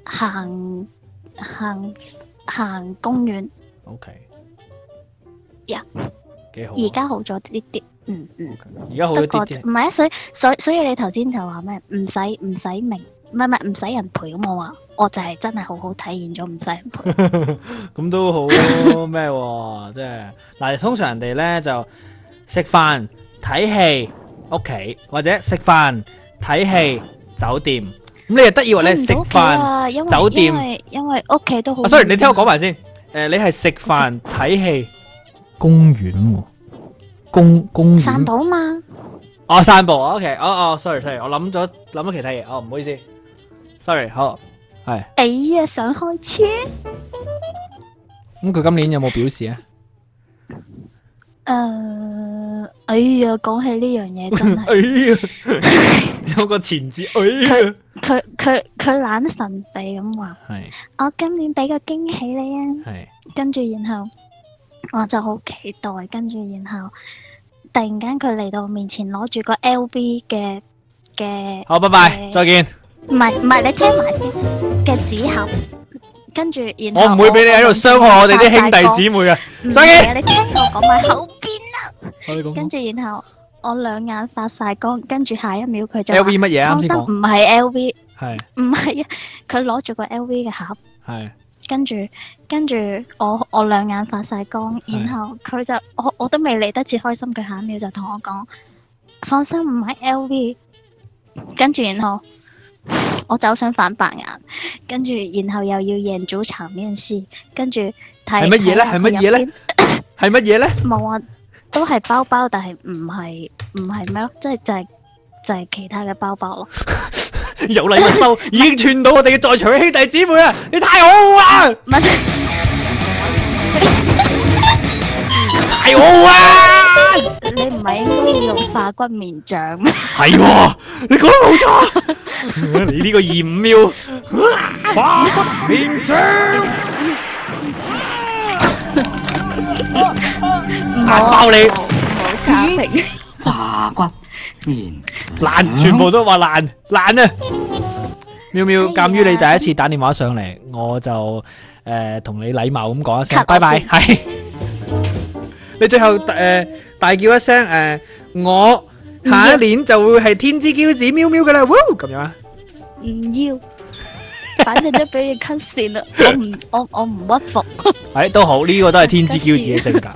行行行公園。O K。呀，幾好。而家好咗啲啲，嗯嗯。而家好多。唔係啊，所所所以你頭先就話咩？唔使唔使明。唔係唔係唔使人陪咁我話，我就係真係好好體驗咗唔使人陪。咁 都也好咩？即係嗱，通常人哋咧就食飯睇戲屋企，或者食飯睇戲酒店。咁你又得意話咧食飯酒店？因為屋企都好、啊啊。sorry，你聽我講埋先。誒、呃，你係食飯睇戲公園，公公園散步嘛？哦，散步。OK，哦哦，sorry sorry，我諗咗諗咗其他嘢，哦，唔好意思。Sorry，好係。哎呀，想開車。咁佢今年有冇表示啊？誒，哎呀，講起呢樣嘢真係。哎呀，有個前置，哎呀。佢佢佢懶神秘地咁話。係。我今年俾個驚喜你啊！係。跟住然後我就好期待，跟住然後突然間佢嚟到我面前攞住個 LV 嘅嘅。好，拜拜，再見。唔係唔係，你聽埋先嘅紙盒，跟住然後我唔會俾你喺度傷害我哋啲兄弟姊妹啊，唔使。你聽我講埋後邊啦，跟住然後我兩眼發晒光，跟住下一秒佢就。L V 乜嘢啱先講？放心唔係 L V，係唔係啊？佢攞住個 L V 嘅盒，係，跟住跟住我我兩眼發晒光，然後佢就我我都未嚟得切開心，佢下一秒就同我講，放心唔係 L V，跟住然後。我就想反白眼，跟住然後又要贏組場面試，跟住睇乜嘢咧？係乜嘢咧？係乜嘢咧？冇啊， 都係包包，但係唔係唔係咩咯？即係就係、是、就係、是、其他嘅包包咯。 有禮物收，已經串到我哋嘅在場嘅兄弟姊妹啊！你太好， 太好啊！太好啊！ 你唔係應該要用化骨綿掌咩？係，你講得冇錯。你呢個二五妙化骨綿掌，我爆你！好慘，化骨面爛，全部都話爛爛啊！妙妙，鑒於你第一次打電話上嚟，我就誒同你禮貌咁講一聲，拜拜係。你最後誒。大叫一聲，誒，我下一年就會係天之驕子喵喵噶啦，咁樣啊？唔要，反正都俾你 cut 線啦，我唔，我我唔屈服。哎，都好，呢個都係天之驕子嘅性格。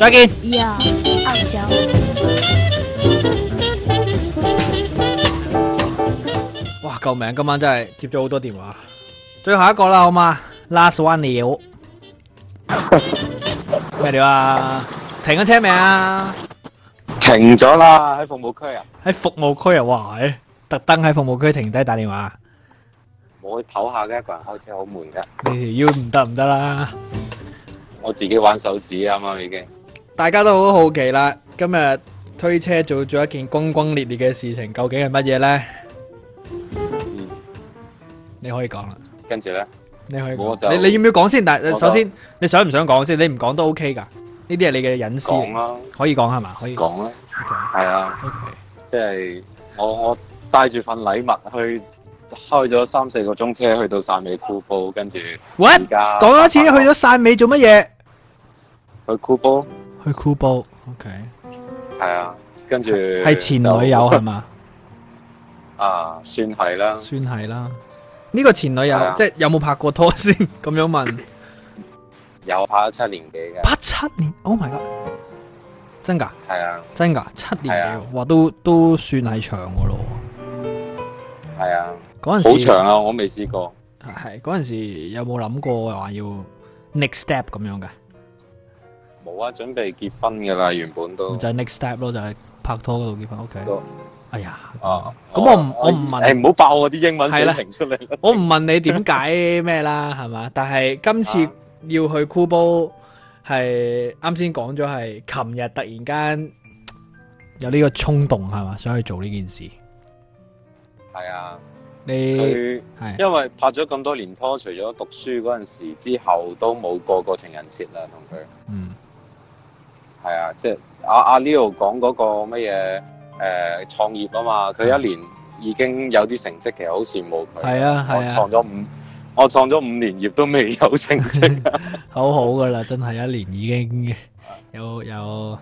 再見。呀，阿友。哇，救命！今晚真係接咗好多電話。最後一個啦，好嗎？Last one，你我。咩料啊？停咗車未啊？停咗啦，喺服務區啊！喺服務區啊，哇！特登喺服務區停低打電話，我去唞下嘅，一個人開車好悶噶。你要唔得唔得啦！我自己玩手指啊嘛，已經。大家都好好奇啦，今日推車做咗一件轟轟烈烈嘅事情，究竟係乜嘢咧？嗯，你可以講啦，跟住咧，你可以講，我你你要唔要講先？但首先你想唔想講先？你唔講都 OK 噶。呢啲係你嘅隱私嚟，可以講係嘛？可以講咧，係啊，即、okay. 係、啊 okay. 我我帶住份禮物去開咗三四個鐘車去到汕尾箍煲，跟住，what？講多次去咗汕尾做乜嘢？去箍煲？去箍煲？O K，係啊，跟住係前女友係嘛？ 啊，算係啦，算係啦。呢、這個前女友、啊、即係有冇拍過拖先？咁樣問。 有拍咗七年幾嘅。八七年，Oh my god！真噶？係啊。真噶？七年幾？哇、啊，都都算係長嘅咯。係啊。嗰陣時好長啊！我未試過。係嗰陣時候有冇諗過又話要 next step 咁樣嘅？冇啊，準備結婚嘅啦，原本都。就係 next step 咯，就係、是、拍拖度結婚。O、okay、K、啊。哎呀。哦、啊。咁我唔、啊、我唔問、啊。唔好、欸、爆我啲英文寫成出嚟。啊、 我唔問你點解咩啦，係嘛？但係今次、啊。要去箍煲，係啱先講咗。係琴日突然間有呢個衝動係嘛？想去做呢件事。係啊，你啊因為拍咗咁多年拖，除咗讀書嗰陣時之後，都冇過過情人節啦，同佢。嗯。係啊，即係阿阿 Leo 講嗰個乜嘢誒創業啊嘛，佢，嗯，一年已經有啲成績，其實好羨慕佢。係啊係啊。我創咗、啊、五。嗯我創咗五年業都未有成績，好好噶啦，真係一年已經有有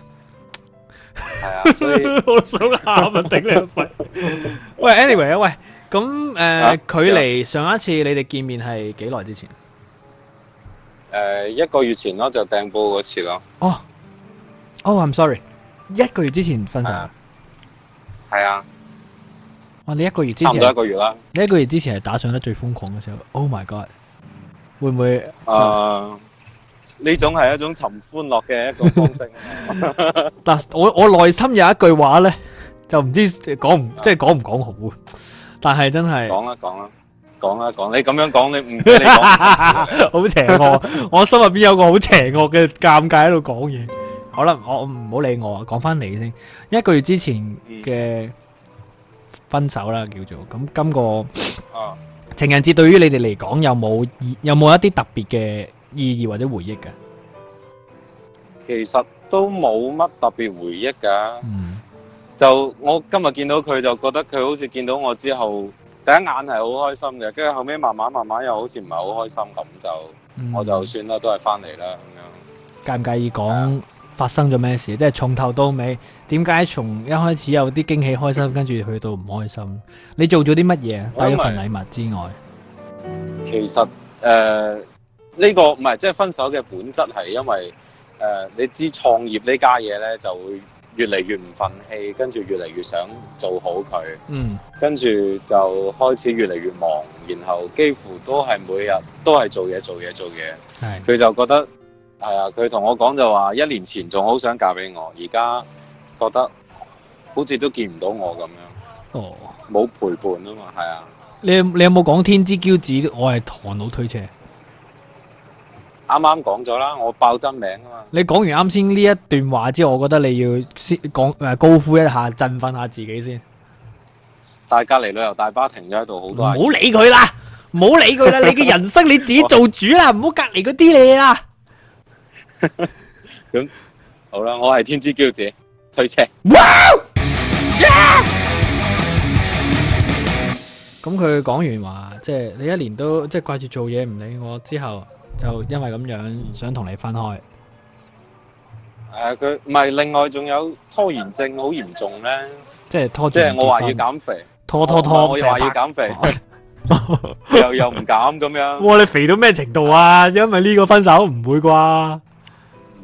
係啊！我想喊啊，頂你個肺！喂，Anyway 啊，喂，咁誒，距離上一次你哋見面係幾耐之前？誒，一個月前咯，就掟煲嗰次咯。哦，哦，I'm sorry，一個月之前分手，係啊。哇！你一個月之前差唔多一個月啦。你一個月之前係打上得最瘋狂嘅時候。Oh my god！會唔會誒？呢種係一種尋歡樂嘅一個方式啊。 但我我內心有一句話咧，就唔知講唔、yeah. 即係講唔講好，但係真係講啦講啦講啦講，你咁樣講你唔、啊、 好邪惡惡。 我心入邊有個好邪惡嘅尷尬喺度講嘢。好啦，我我唔好理我啊，講翻你先。一個月之前嘅。嗯分手啦，叫做咁。今個情人節對於你哋嚟講，有冇意有冇一啲特別嘅意義或者回憶嘅？其實都冇乜特別回憶噶。就我今日見到佢，就覺得佢好似見到我之後，第一眼係好開心嘅，跟住後尾慢慢慢慢又好似唔係好開心咁，就我就算啦，都係翻嚟啦咁樣。介唔介意講？發生咗咩事？即係從頭到尾，點解從一開始有啲驚喜開心，跟住去到唔開心？你做咗啲乜嘢？第一份禮物之外，其實誒呢、呃這個唔係，即係、就是、分手嘅本質係因為誒、呃、你知創業呢家嘢呢，就會越嚟越唔忿氣，跟住越嚟越想做好佢。嗯，跟住就開始越嚟越忙，然後幾乎都係每日都係做嘢做嘢做嘢。係，佢就覺得。係啊，佢同我講就話一年前仲好想嫁俾我，而家覺得好似都見唔到我咁樣，哦，冇陪伴啊嘛，係啊。你你有冇講天之驕子？我係唐老推車。啱啱講咗啦，我爆真名啊嘛。你講完啱先呢一段話之後，我覺得你要先講誒高呼一下，振奮下自己先。但隔籬旅遊大巴停咗喺度，好多。唔好理佢啦，唔好理佢啦，你嘅人生你自己做主啦，唔好隔籬嗰啲你啊！咁好啦，我係天之驕子，推車。咁佢講完話，即係你一年都即係掛住做嘢，唔理我，之後就因為咁樣想同你分開。誒，佢唔係另外仲有拖延症好嚴重咧？即係拖。即係我話要減肥，拖拖拖，我話要減肥，又又唔減咁樣。哇，你肥到咩程度啊？因為呢個分手唔會啩？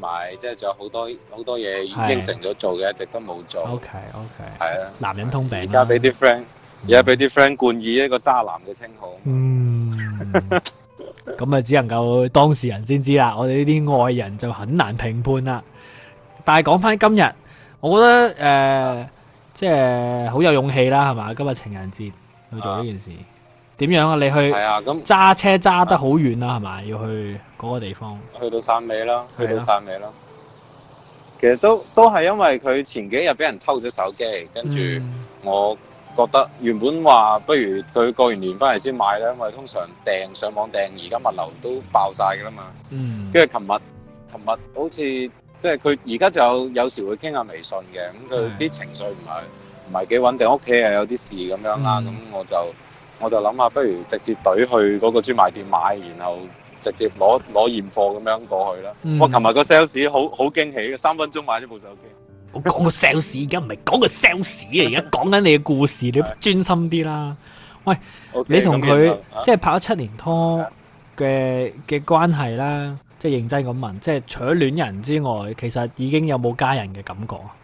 同埋即係仲有好多好多嘢應承咗做嘅，一直都冇做。OK OK，係啊，男人通病，啊。而家俾啲 friend，而家俾啲 friend 冠以一個渣男嘅稱號。嗯，咁 啊、嗯，只能夠當事人先知啦。我哋呢啲愛人就很難評判啦。但係講翻今日，我覺得誒，即係好有勇氣啦，係嘛？今日情人節去做呢件事。啊。點樣啊？你去係啊咁揸車揸得好遠啦，係咪？要去嗰個地方，去到汕尾咯、啊，去到汕尾咯。其實都都係因為佢前幾日俾人偷咗手機，跟、嗯、住我覺得原本話不如佢過完年翻嚟先買啦。因為通常訂上網訂，而家物流都爆晒㗎啦嘛。嗯。跟住琴日，琴日好似即係佢而家就有時會傾下微信嘅咁，佢啲情緒唔係唔係幾穩定，屋企又有啲事咁樣啦，咁、嗯、我就。我就諗下，不如直接隊去嗰個專賣店買，然後直接攞攞驗貨咁樣過去啦。我琴日個 sales 好好驚喜嘅，三分鐘買咗部手機。我講個 sales 而家唔係講個 sales 啊，而家講緊你嘅故事，你專心啲啦。 喂，okay，你同佢即係拍咗七年拖嘅嘅 關係啦，即係認真咁問，即係除咗戀人之外，其實已經有冇家人嘅感覺啊？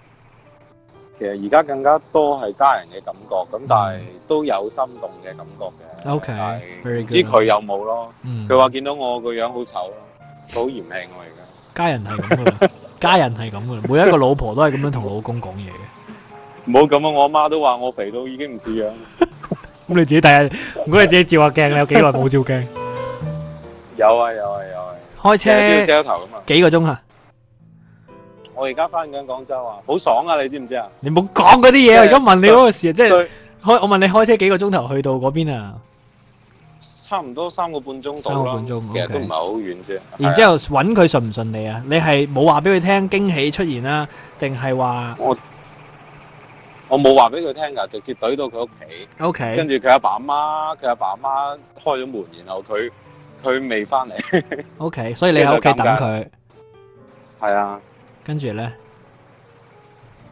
其實而家更加多係家人嘅感覺，咁但係都有心動嘅感覺嘅。O K，知佢有冇咯？佢話見到我個樣好醜咯，好嫌棄我而家。家人係咁噶啦，家人係咁噶啦，每一個老婆都係咁樣同老公講嘢嘅。唔好咁啊！我阿媽都話我肥到已經唔似樣。咁你自己睇下，如果你自己照下鏡，你有幾耐冇照鏡？有啊有啊有啊！開車幾個鐘啊？我而家翻緊廣州啊，好爽啊！你知唔知啊？你冇講嗰啲嘢啊！而家問你嗰個事啊，即係開我問你開車幾個鐘頭去到嗰邊啊？差唔多三個半鐘頭啦，三個半鐘頭？其實都唔係好遠啫。然之後搵佢順唔順利啊？你係冇話俾佢聽驚喜出現啦，定係話我我冇話俾佢聽噶，直接懟到佢屋企。O K，跟住佢阿爸阿媽，佢阿爸阿媽開咗門，然後佢佢未翻嚟。O K，所以你喺屋企等佢，係啊。跟住咧，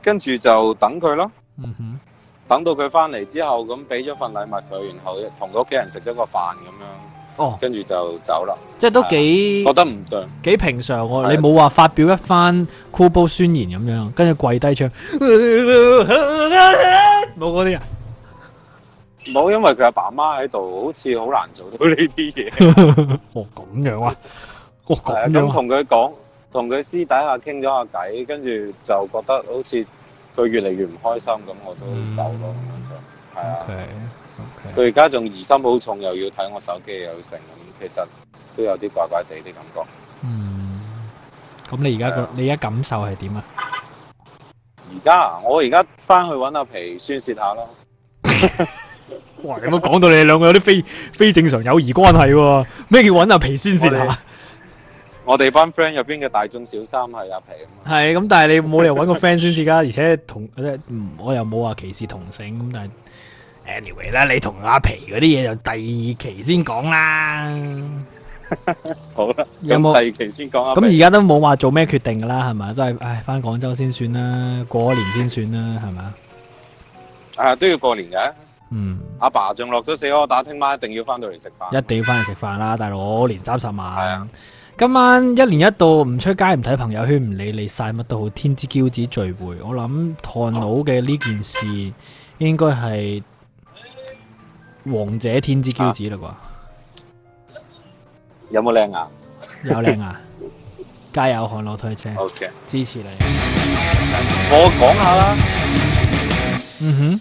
跟住就等佢咯。嗯哼，等到佢翻嚟之後，咁俾咗份禮物佢，然後同佢屋企人食咗個飯咁樣。哦，跟住就走啦。即係都幾，覺得唔對，幾平常喎。你冇話發表一番箍煲宣言咁樣，跟住跪低唱，冇嗰啲啊，冇，因為佢阿爸阿媽喺度，好似好難做到呢啲嘢。哦，咁樣啊，哦咁樣。我咁同佢講。同佢私底下傾咗下偈，跟住就覺得好似佢越嚟越唔開心，咁我都走咯，咁就係啊。佢而家仲疑心好重，又要睇我手機又，又成，咁其實都有啲怪怪地啲感覺。嗯，咁你而家你而家感受係點啊？而家我而家翻去揾阿皮宣泄下咯。 哇！你講到你哋兩個有啲非非正常友誼關係喎？咩叫揾阿皮宣泄下？我哋班 friend 入邊嘅大眾小三係阿皮，係咁，但係你冇理由搵個 friend 先至噶，而且同咧我又冇話歧視同性咁，但係 anyway 啦，你同阿皮嗰啲嘢就第二期先講啦。 好啦，有冇第二期先講啊？咁而家都冇話做咩決定噶啦，係咪？都係唉，翻廣州先算啦，過年先算啦，係咪？啊，都要過年㗎。嗯，阿爸仲落咗四個打，聽晚一定要翻到嚟食飯，一定要翻嚟食飯啦，大佬，年三十晚。今晚一年一度唔出街唔睇朋友圈唔理你晒乜都好天之驕子聚會，我諗唐老嘅呢件事應該係王者天之驕子啦啩，啊？有冇靚呀？有靚呀，啊！ 加油！看落推車，okay。支持你。我講下啦。嗯哼。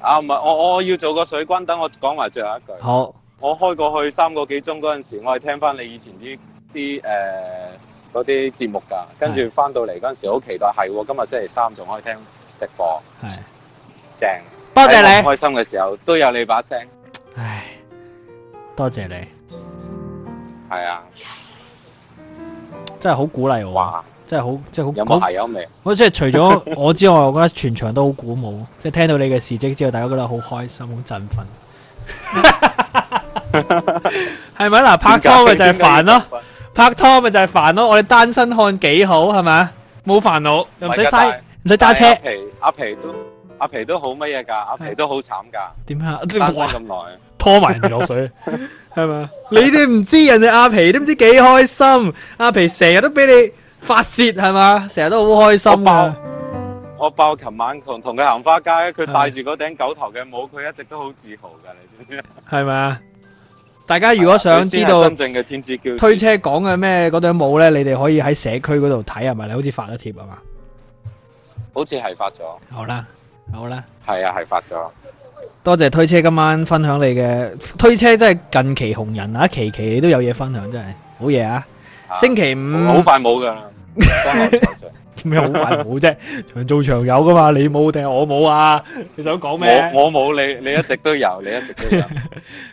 啊，唔係，我我要做個水軍，等我講埋最後一句。好，我開過去三個幾鐘嗰陣時，我係聽翻你以前啲啲誒啲節目噶，跟住翻到嚟嗰陣時好期待，係，今日星期三仲可以聽直播，係，正，多謝你，開心嘅時候都有你把聲，唉，多謝你，係啊，真係好鼓勵我。真係好，即係好有排有，有味。我即係除咗我之外，我覺得全場都好鼓舞。 即係聽到你嘅事蹟之後，大家覺得好開心，好振奮。係咪嗱？拍拖咪就係煩咯，拍拖咪就係煩咯， 咯。我哋單身漢幾好係咪？冇煩惱，又唔使嘥，唔使揸車阿皮。阿皮都阿皮都好乜嘢噶？阿皮都好慘噶。點啊？單身咁耐，拖埋人哋落水係咪 是吧？ 你哋唔知人哋阿皮都唔知幾開心，阿皮成日都俾你。發洩係嘛，成日都好開心啊！我爆，我爆，琴晚同同佢行花街，佢戴住嗰頂狗頭嘅帽，佢一直都好自豪噶。係咪啊？大家如果想知道真正嘅天之驕子推車講嘅咩嗰頂帽咧，你哋可以喺社區嗰度睇係咪？你好似發咗貼係嘛？好似係發咗。好啦，好啦，係啊，係發咗。多謝推車今晚分享你嘅推車，真係近期紅人啊！期期都有嘢分享，真係好嘢啊！星期五好快冇噶。做咩好唔好啫？長做長有噶嘛？你冇定我冇啊？你想講咩？我我冇，你你一直都有，你一直都有。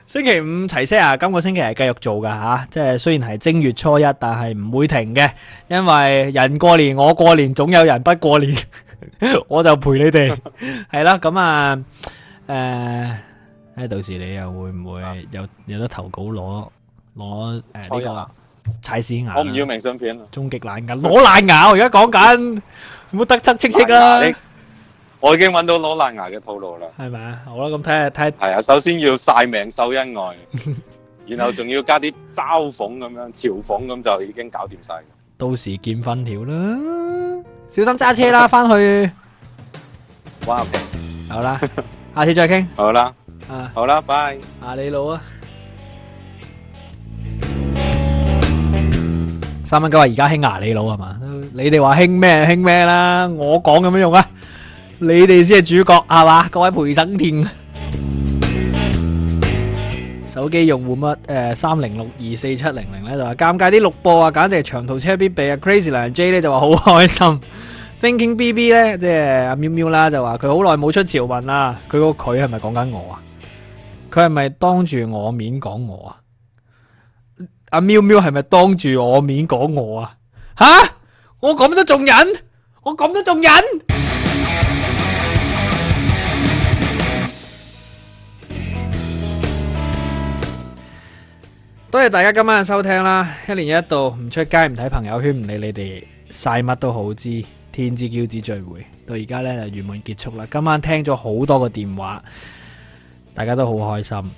星期五齊聲啊！今個星期係繼續做噶吓，即係雖然係正月初一，但係唔會停嘅。因為人過年，我過年總有人不過年，我就陪你哋係啦。咁啊，誒，誒，到時你又會唔會有有得投稿攞攞誒呢個啦？踩屎牙，我唔要明信片啊！終極爛牙，攞爛牙，我而家講緊，冇得戚戚戚啦！我已經揾到攞爛牙嘅套路啦，係咪啊？好啦，咁睇下睇係啊，首先要晒命秀恩愛，然後仲要加啲嘲諷咁樣，嘲諷咁就已經搞掂晒。到時見分曉啦，小心揸車啦，翻去。哇，OK，好啦，下次再傾。好啦，啊，好啦，拜。啊，你老啊！三蚊九話而家興牙你佬係嘛？你哋話興咩？興咩啦？我講咁樣用啊？你哋先係主角係嘛？各位陪審團， 手機用戶乜誒三零六二四七零零咧就話尷尬啲錄播啊，簡直係長途車必備啊。Crazy 梁 J 咧就話好開心。Thinking B B 咧即係阿喵喵啦就話佢好耐冇出潮文啦，佢個佢係咪講緊我啊？佢係咪當住我面講我啊？阿喵喵係咪當住我面講我啊？吓、啊！我咁都仲忍，我咁都仲忍。多謝大家今晚嘅收聽啦！一年一度唔出街唔睇朋友圈唔理你哋晒乜都好之天之驕子聚會到而家呢就圓滿結束啦！今晚聽咗好多個電話，大家都好開心，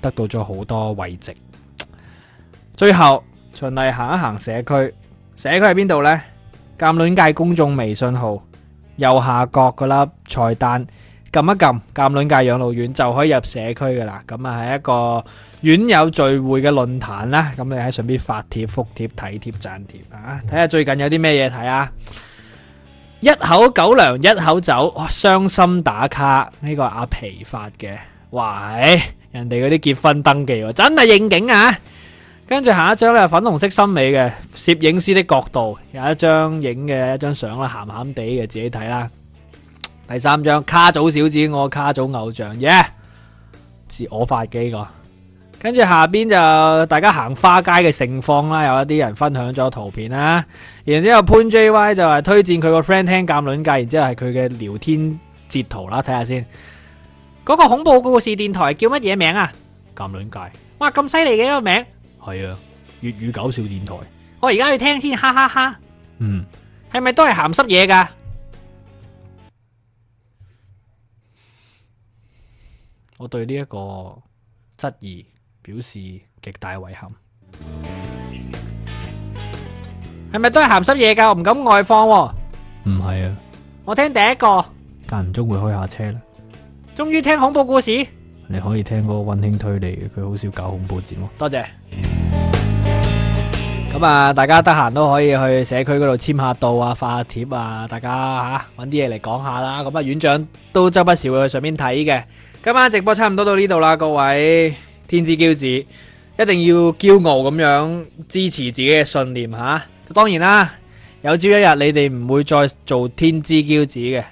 得到咗好多慰藉。最後循例行一行社區，社區喺邊度呢？鑒卵界公眾微信號右下角嗰粒菜單，撳一撳鑒卵界養老院就可以入社區噶啦。咁啊，係一個院友聚會嘅論壇啦。咁你喺上邊發帖、覆帖、睇帖、讚帖啊，睇下最近有啲咩嘢睇啊！一口狗糧，一口酒，傷心打卡呢個阿皮發嘅。喂，人哋嗰啲結婚登記真係應景啊！跟住下一張咧，粉紅色森美嘅攝影師的角度有一張影嘅一張相啦，咸咸地嘅自己睇啦。第三張卡祖小子，我卡祖偶像耶，自、yeah! 我發機、這個。跟住下邊就大家行花街嘅盛況啦，有一啲人分享咗圖片啦。然之後潘 J Y 就係推薦佢個 friend 聽鑑論界，然之後係佢嘅聊天截圖啦，睇下先。嗰個恐怖故事電台叫乜嘢名啊？鑑論界哇，咁犀利嘅一個名。係啊，粵語搞笑電台，我而家要聽先，哈哈哈哈。嗯，係咪都係鹹濕嘢噶？我對呢一個質疑表示極大遺憾。係咪都係鹹濕嘢噶？我唔敢外放啊。唔係啊，我聽第一個。間唔中會開下車啦。終於聽恐怖故事。你可以聽嗰個溫馨推理嘅，佢好少搞恐怖節目。多謝。咁啊，大家得閒都可以去社區嗰度簽下到啊，發下帖啊，大家吓搵啲嘢嚟講下啦。咁啊，院長都周不時會去上面睇嘅。今晚直播差唔多到呢度啦，各位天之驕子，一定要驕傲咁樣支持自己嘅信念吓。當然啦，有朝一日你哋唔會再做天之驕子嘅，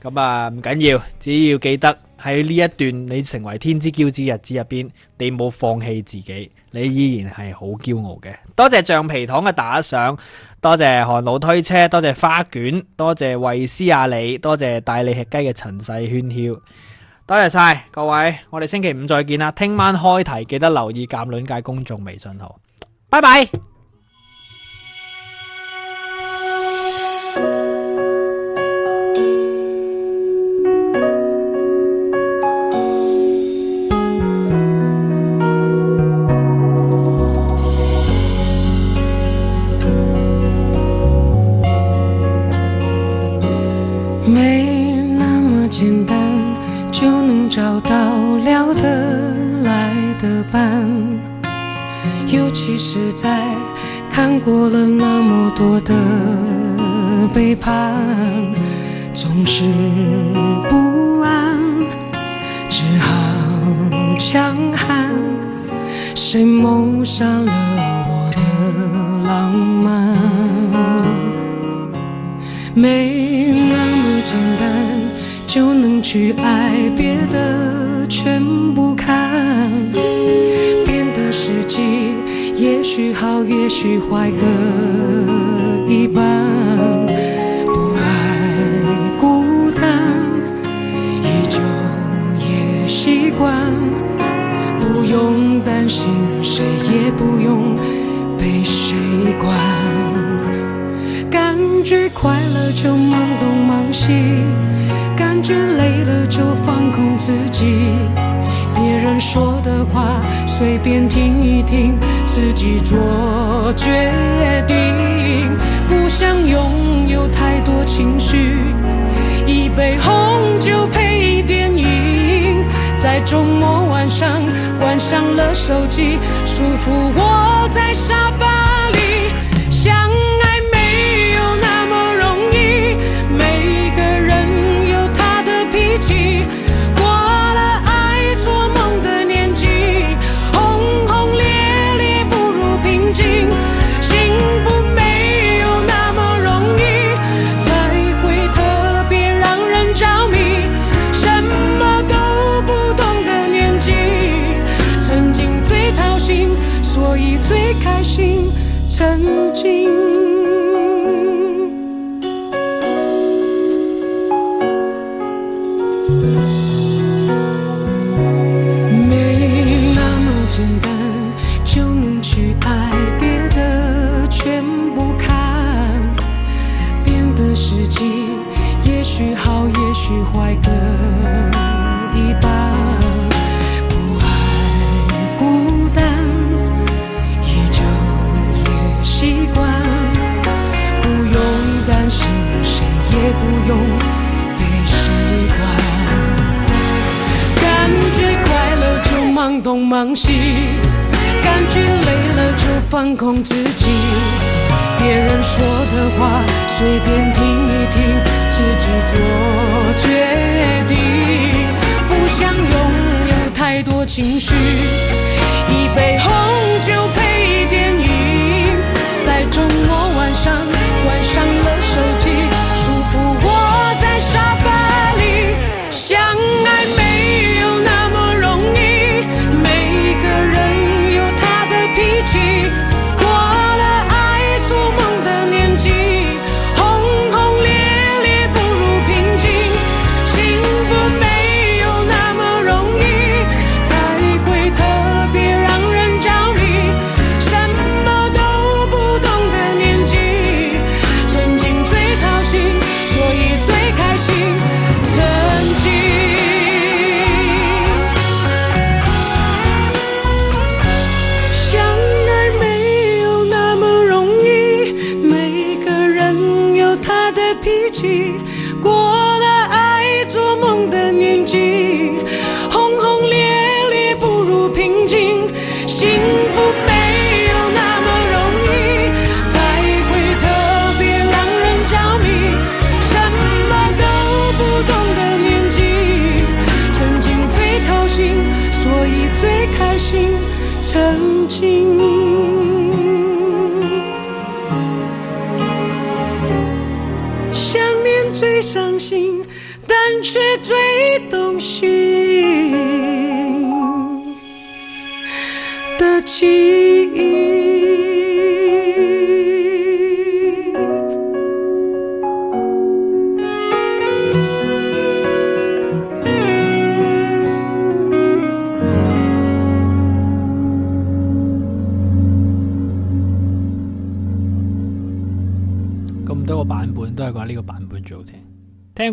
咁啊唔緊要，只要記得。喺呢一段你成為天之驕子日子入邊，你冇放棄自己，你依然係好驕傲嘅。多謝橡皮糖嘅打賞，多謝韓老推車，多謝花卷，多謝衛斯亞里，多謝帶你吃雞嘅陳世喧囂，多謝晒各位，我哋星期五再見啦。聽晚開題記得留意減卵界公眾微信號。拜拜。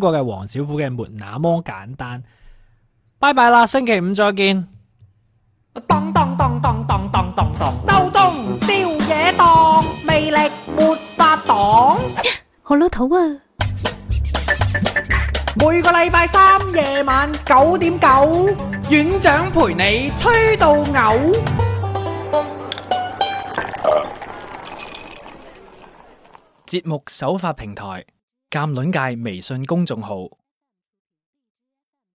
個嘅黃小虎嘅沒那麼簡單，拜拜啦，星期五再見。咚咚咚咚咚咚咚咚，刀中宵夜檔，魅力沒法擋。好老土啊！每個禮拜三夜晚九點九，院長陪你吹到嘔。節目首發平台。鑑論界微信公眾號。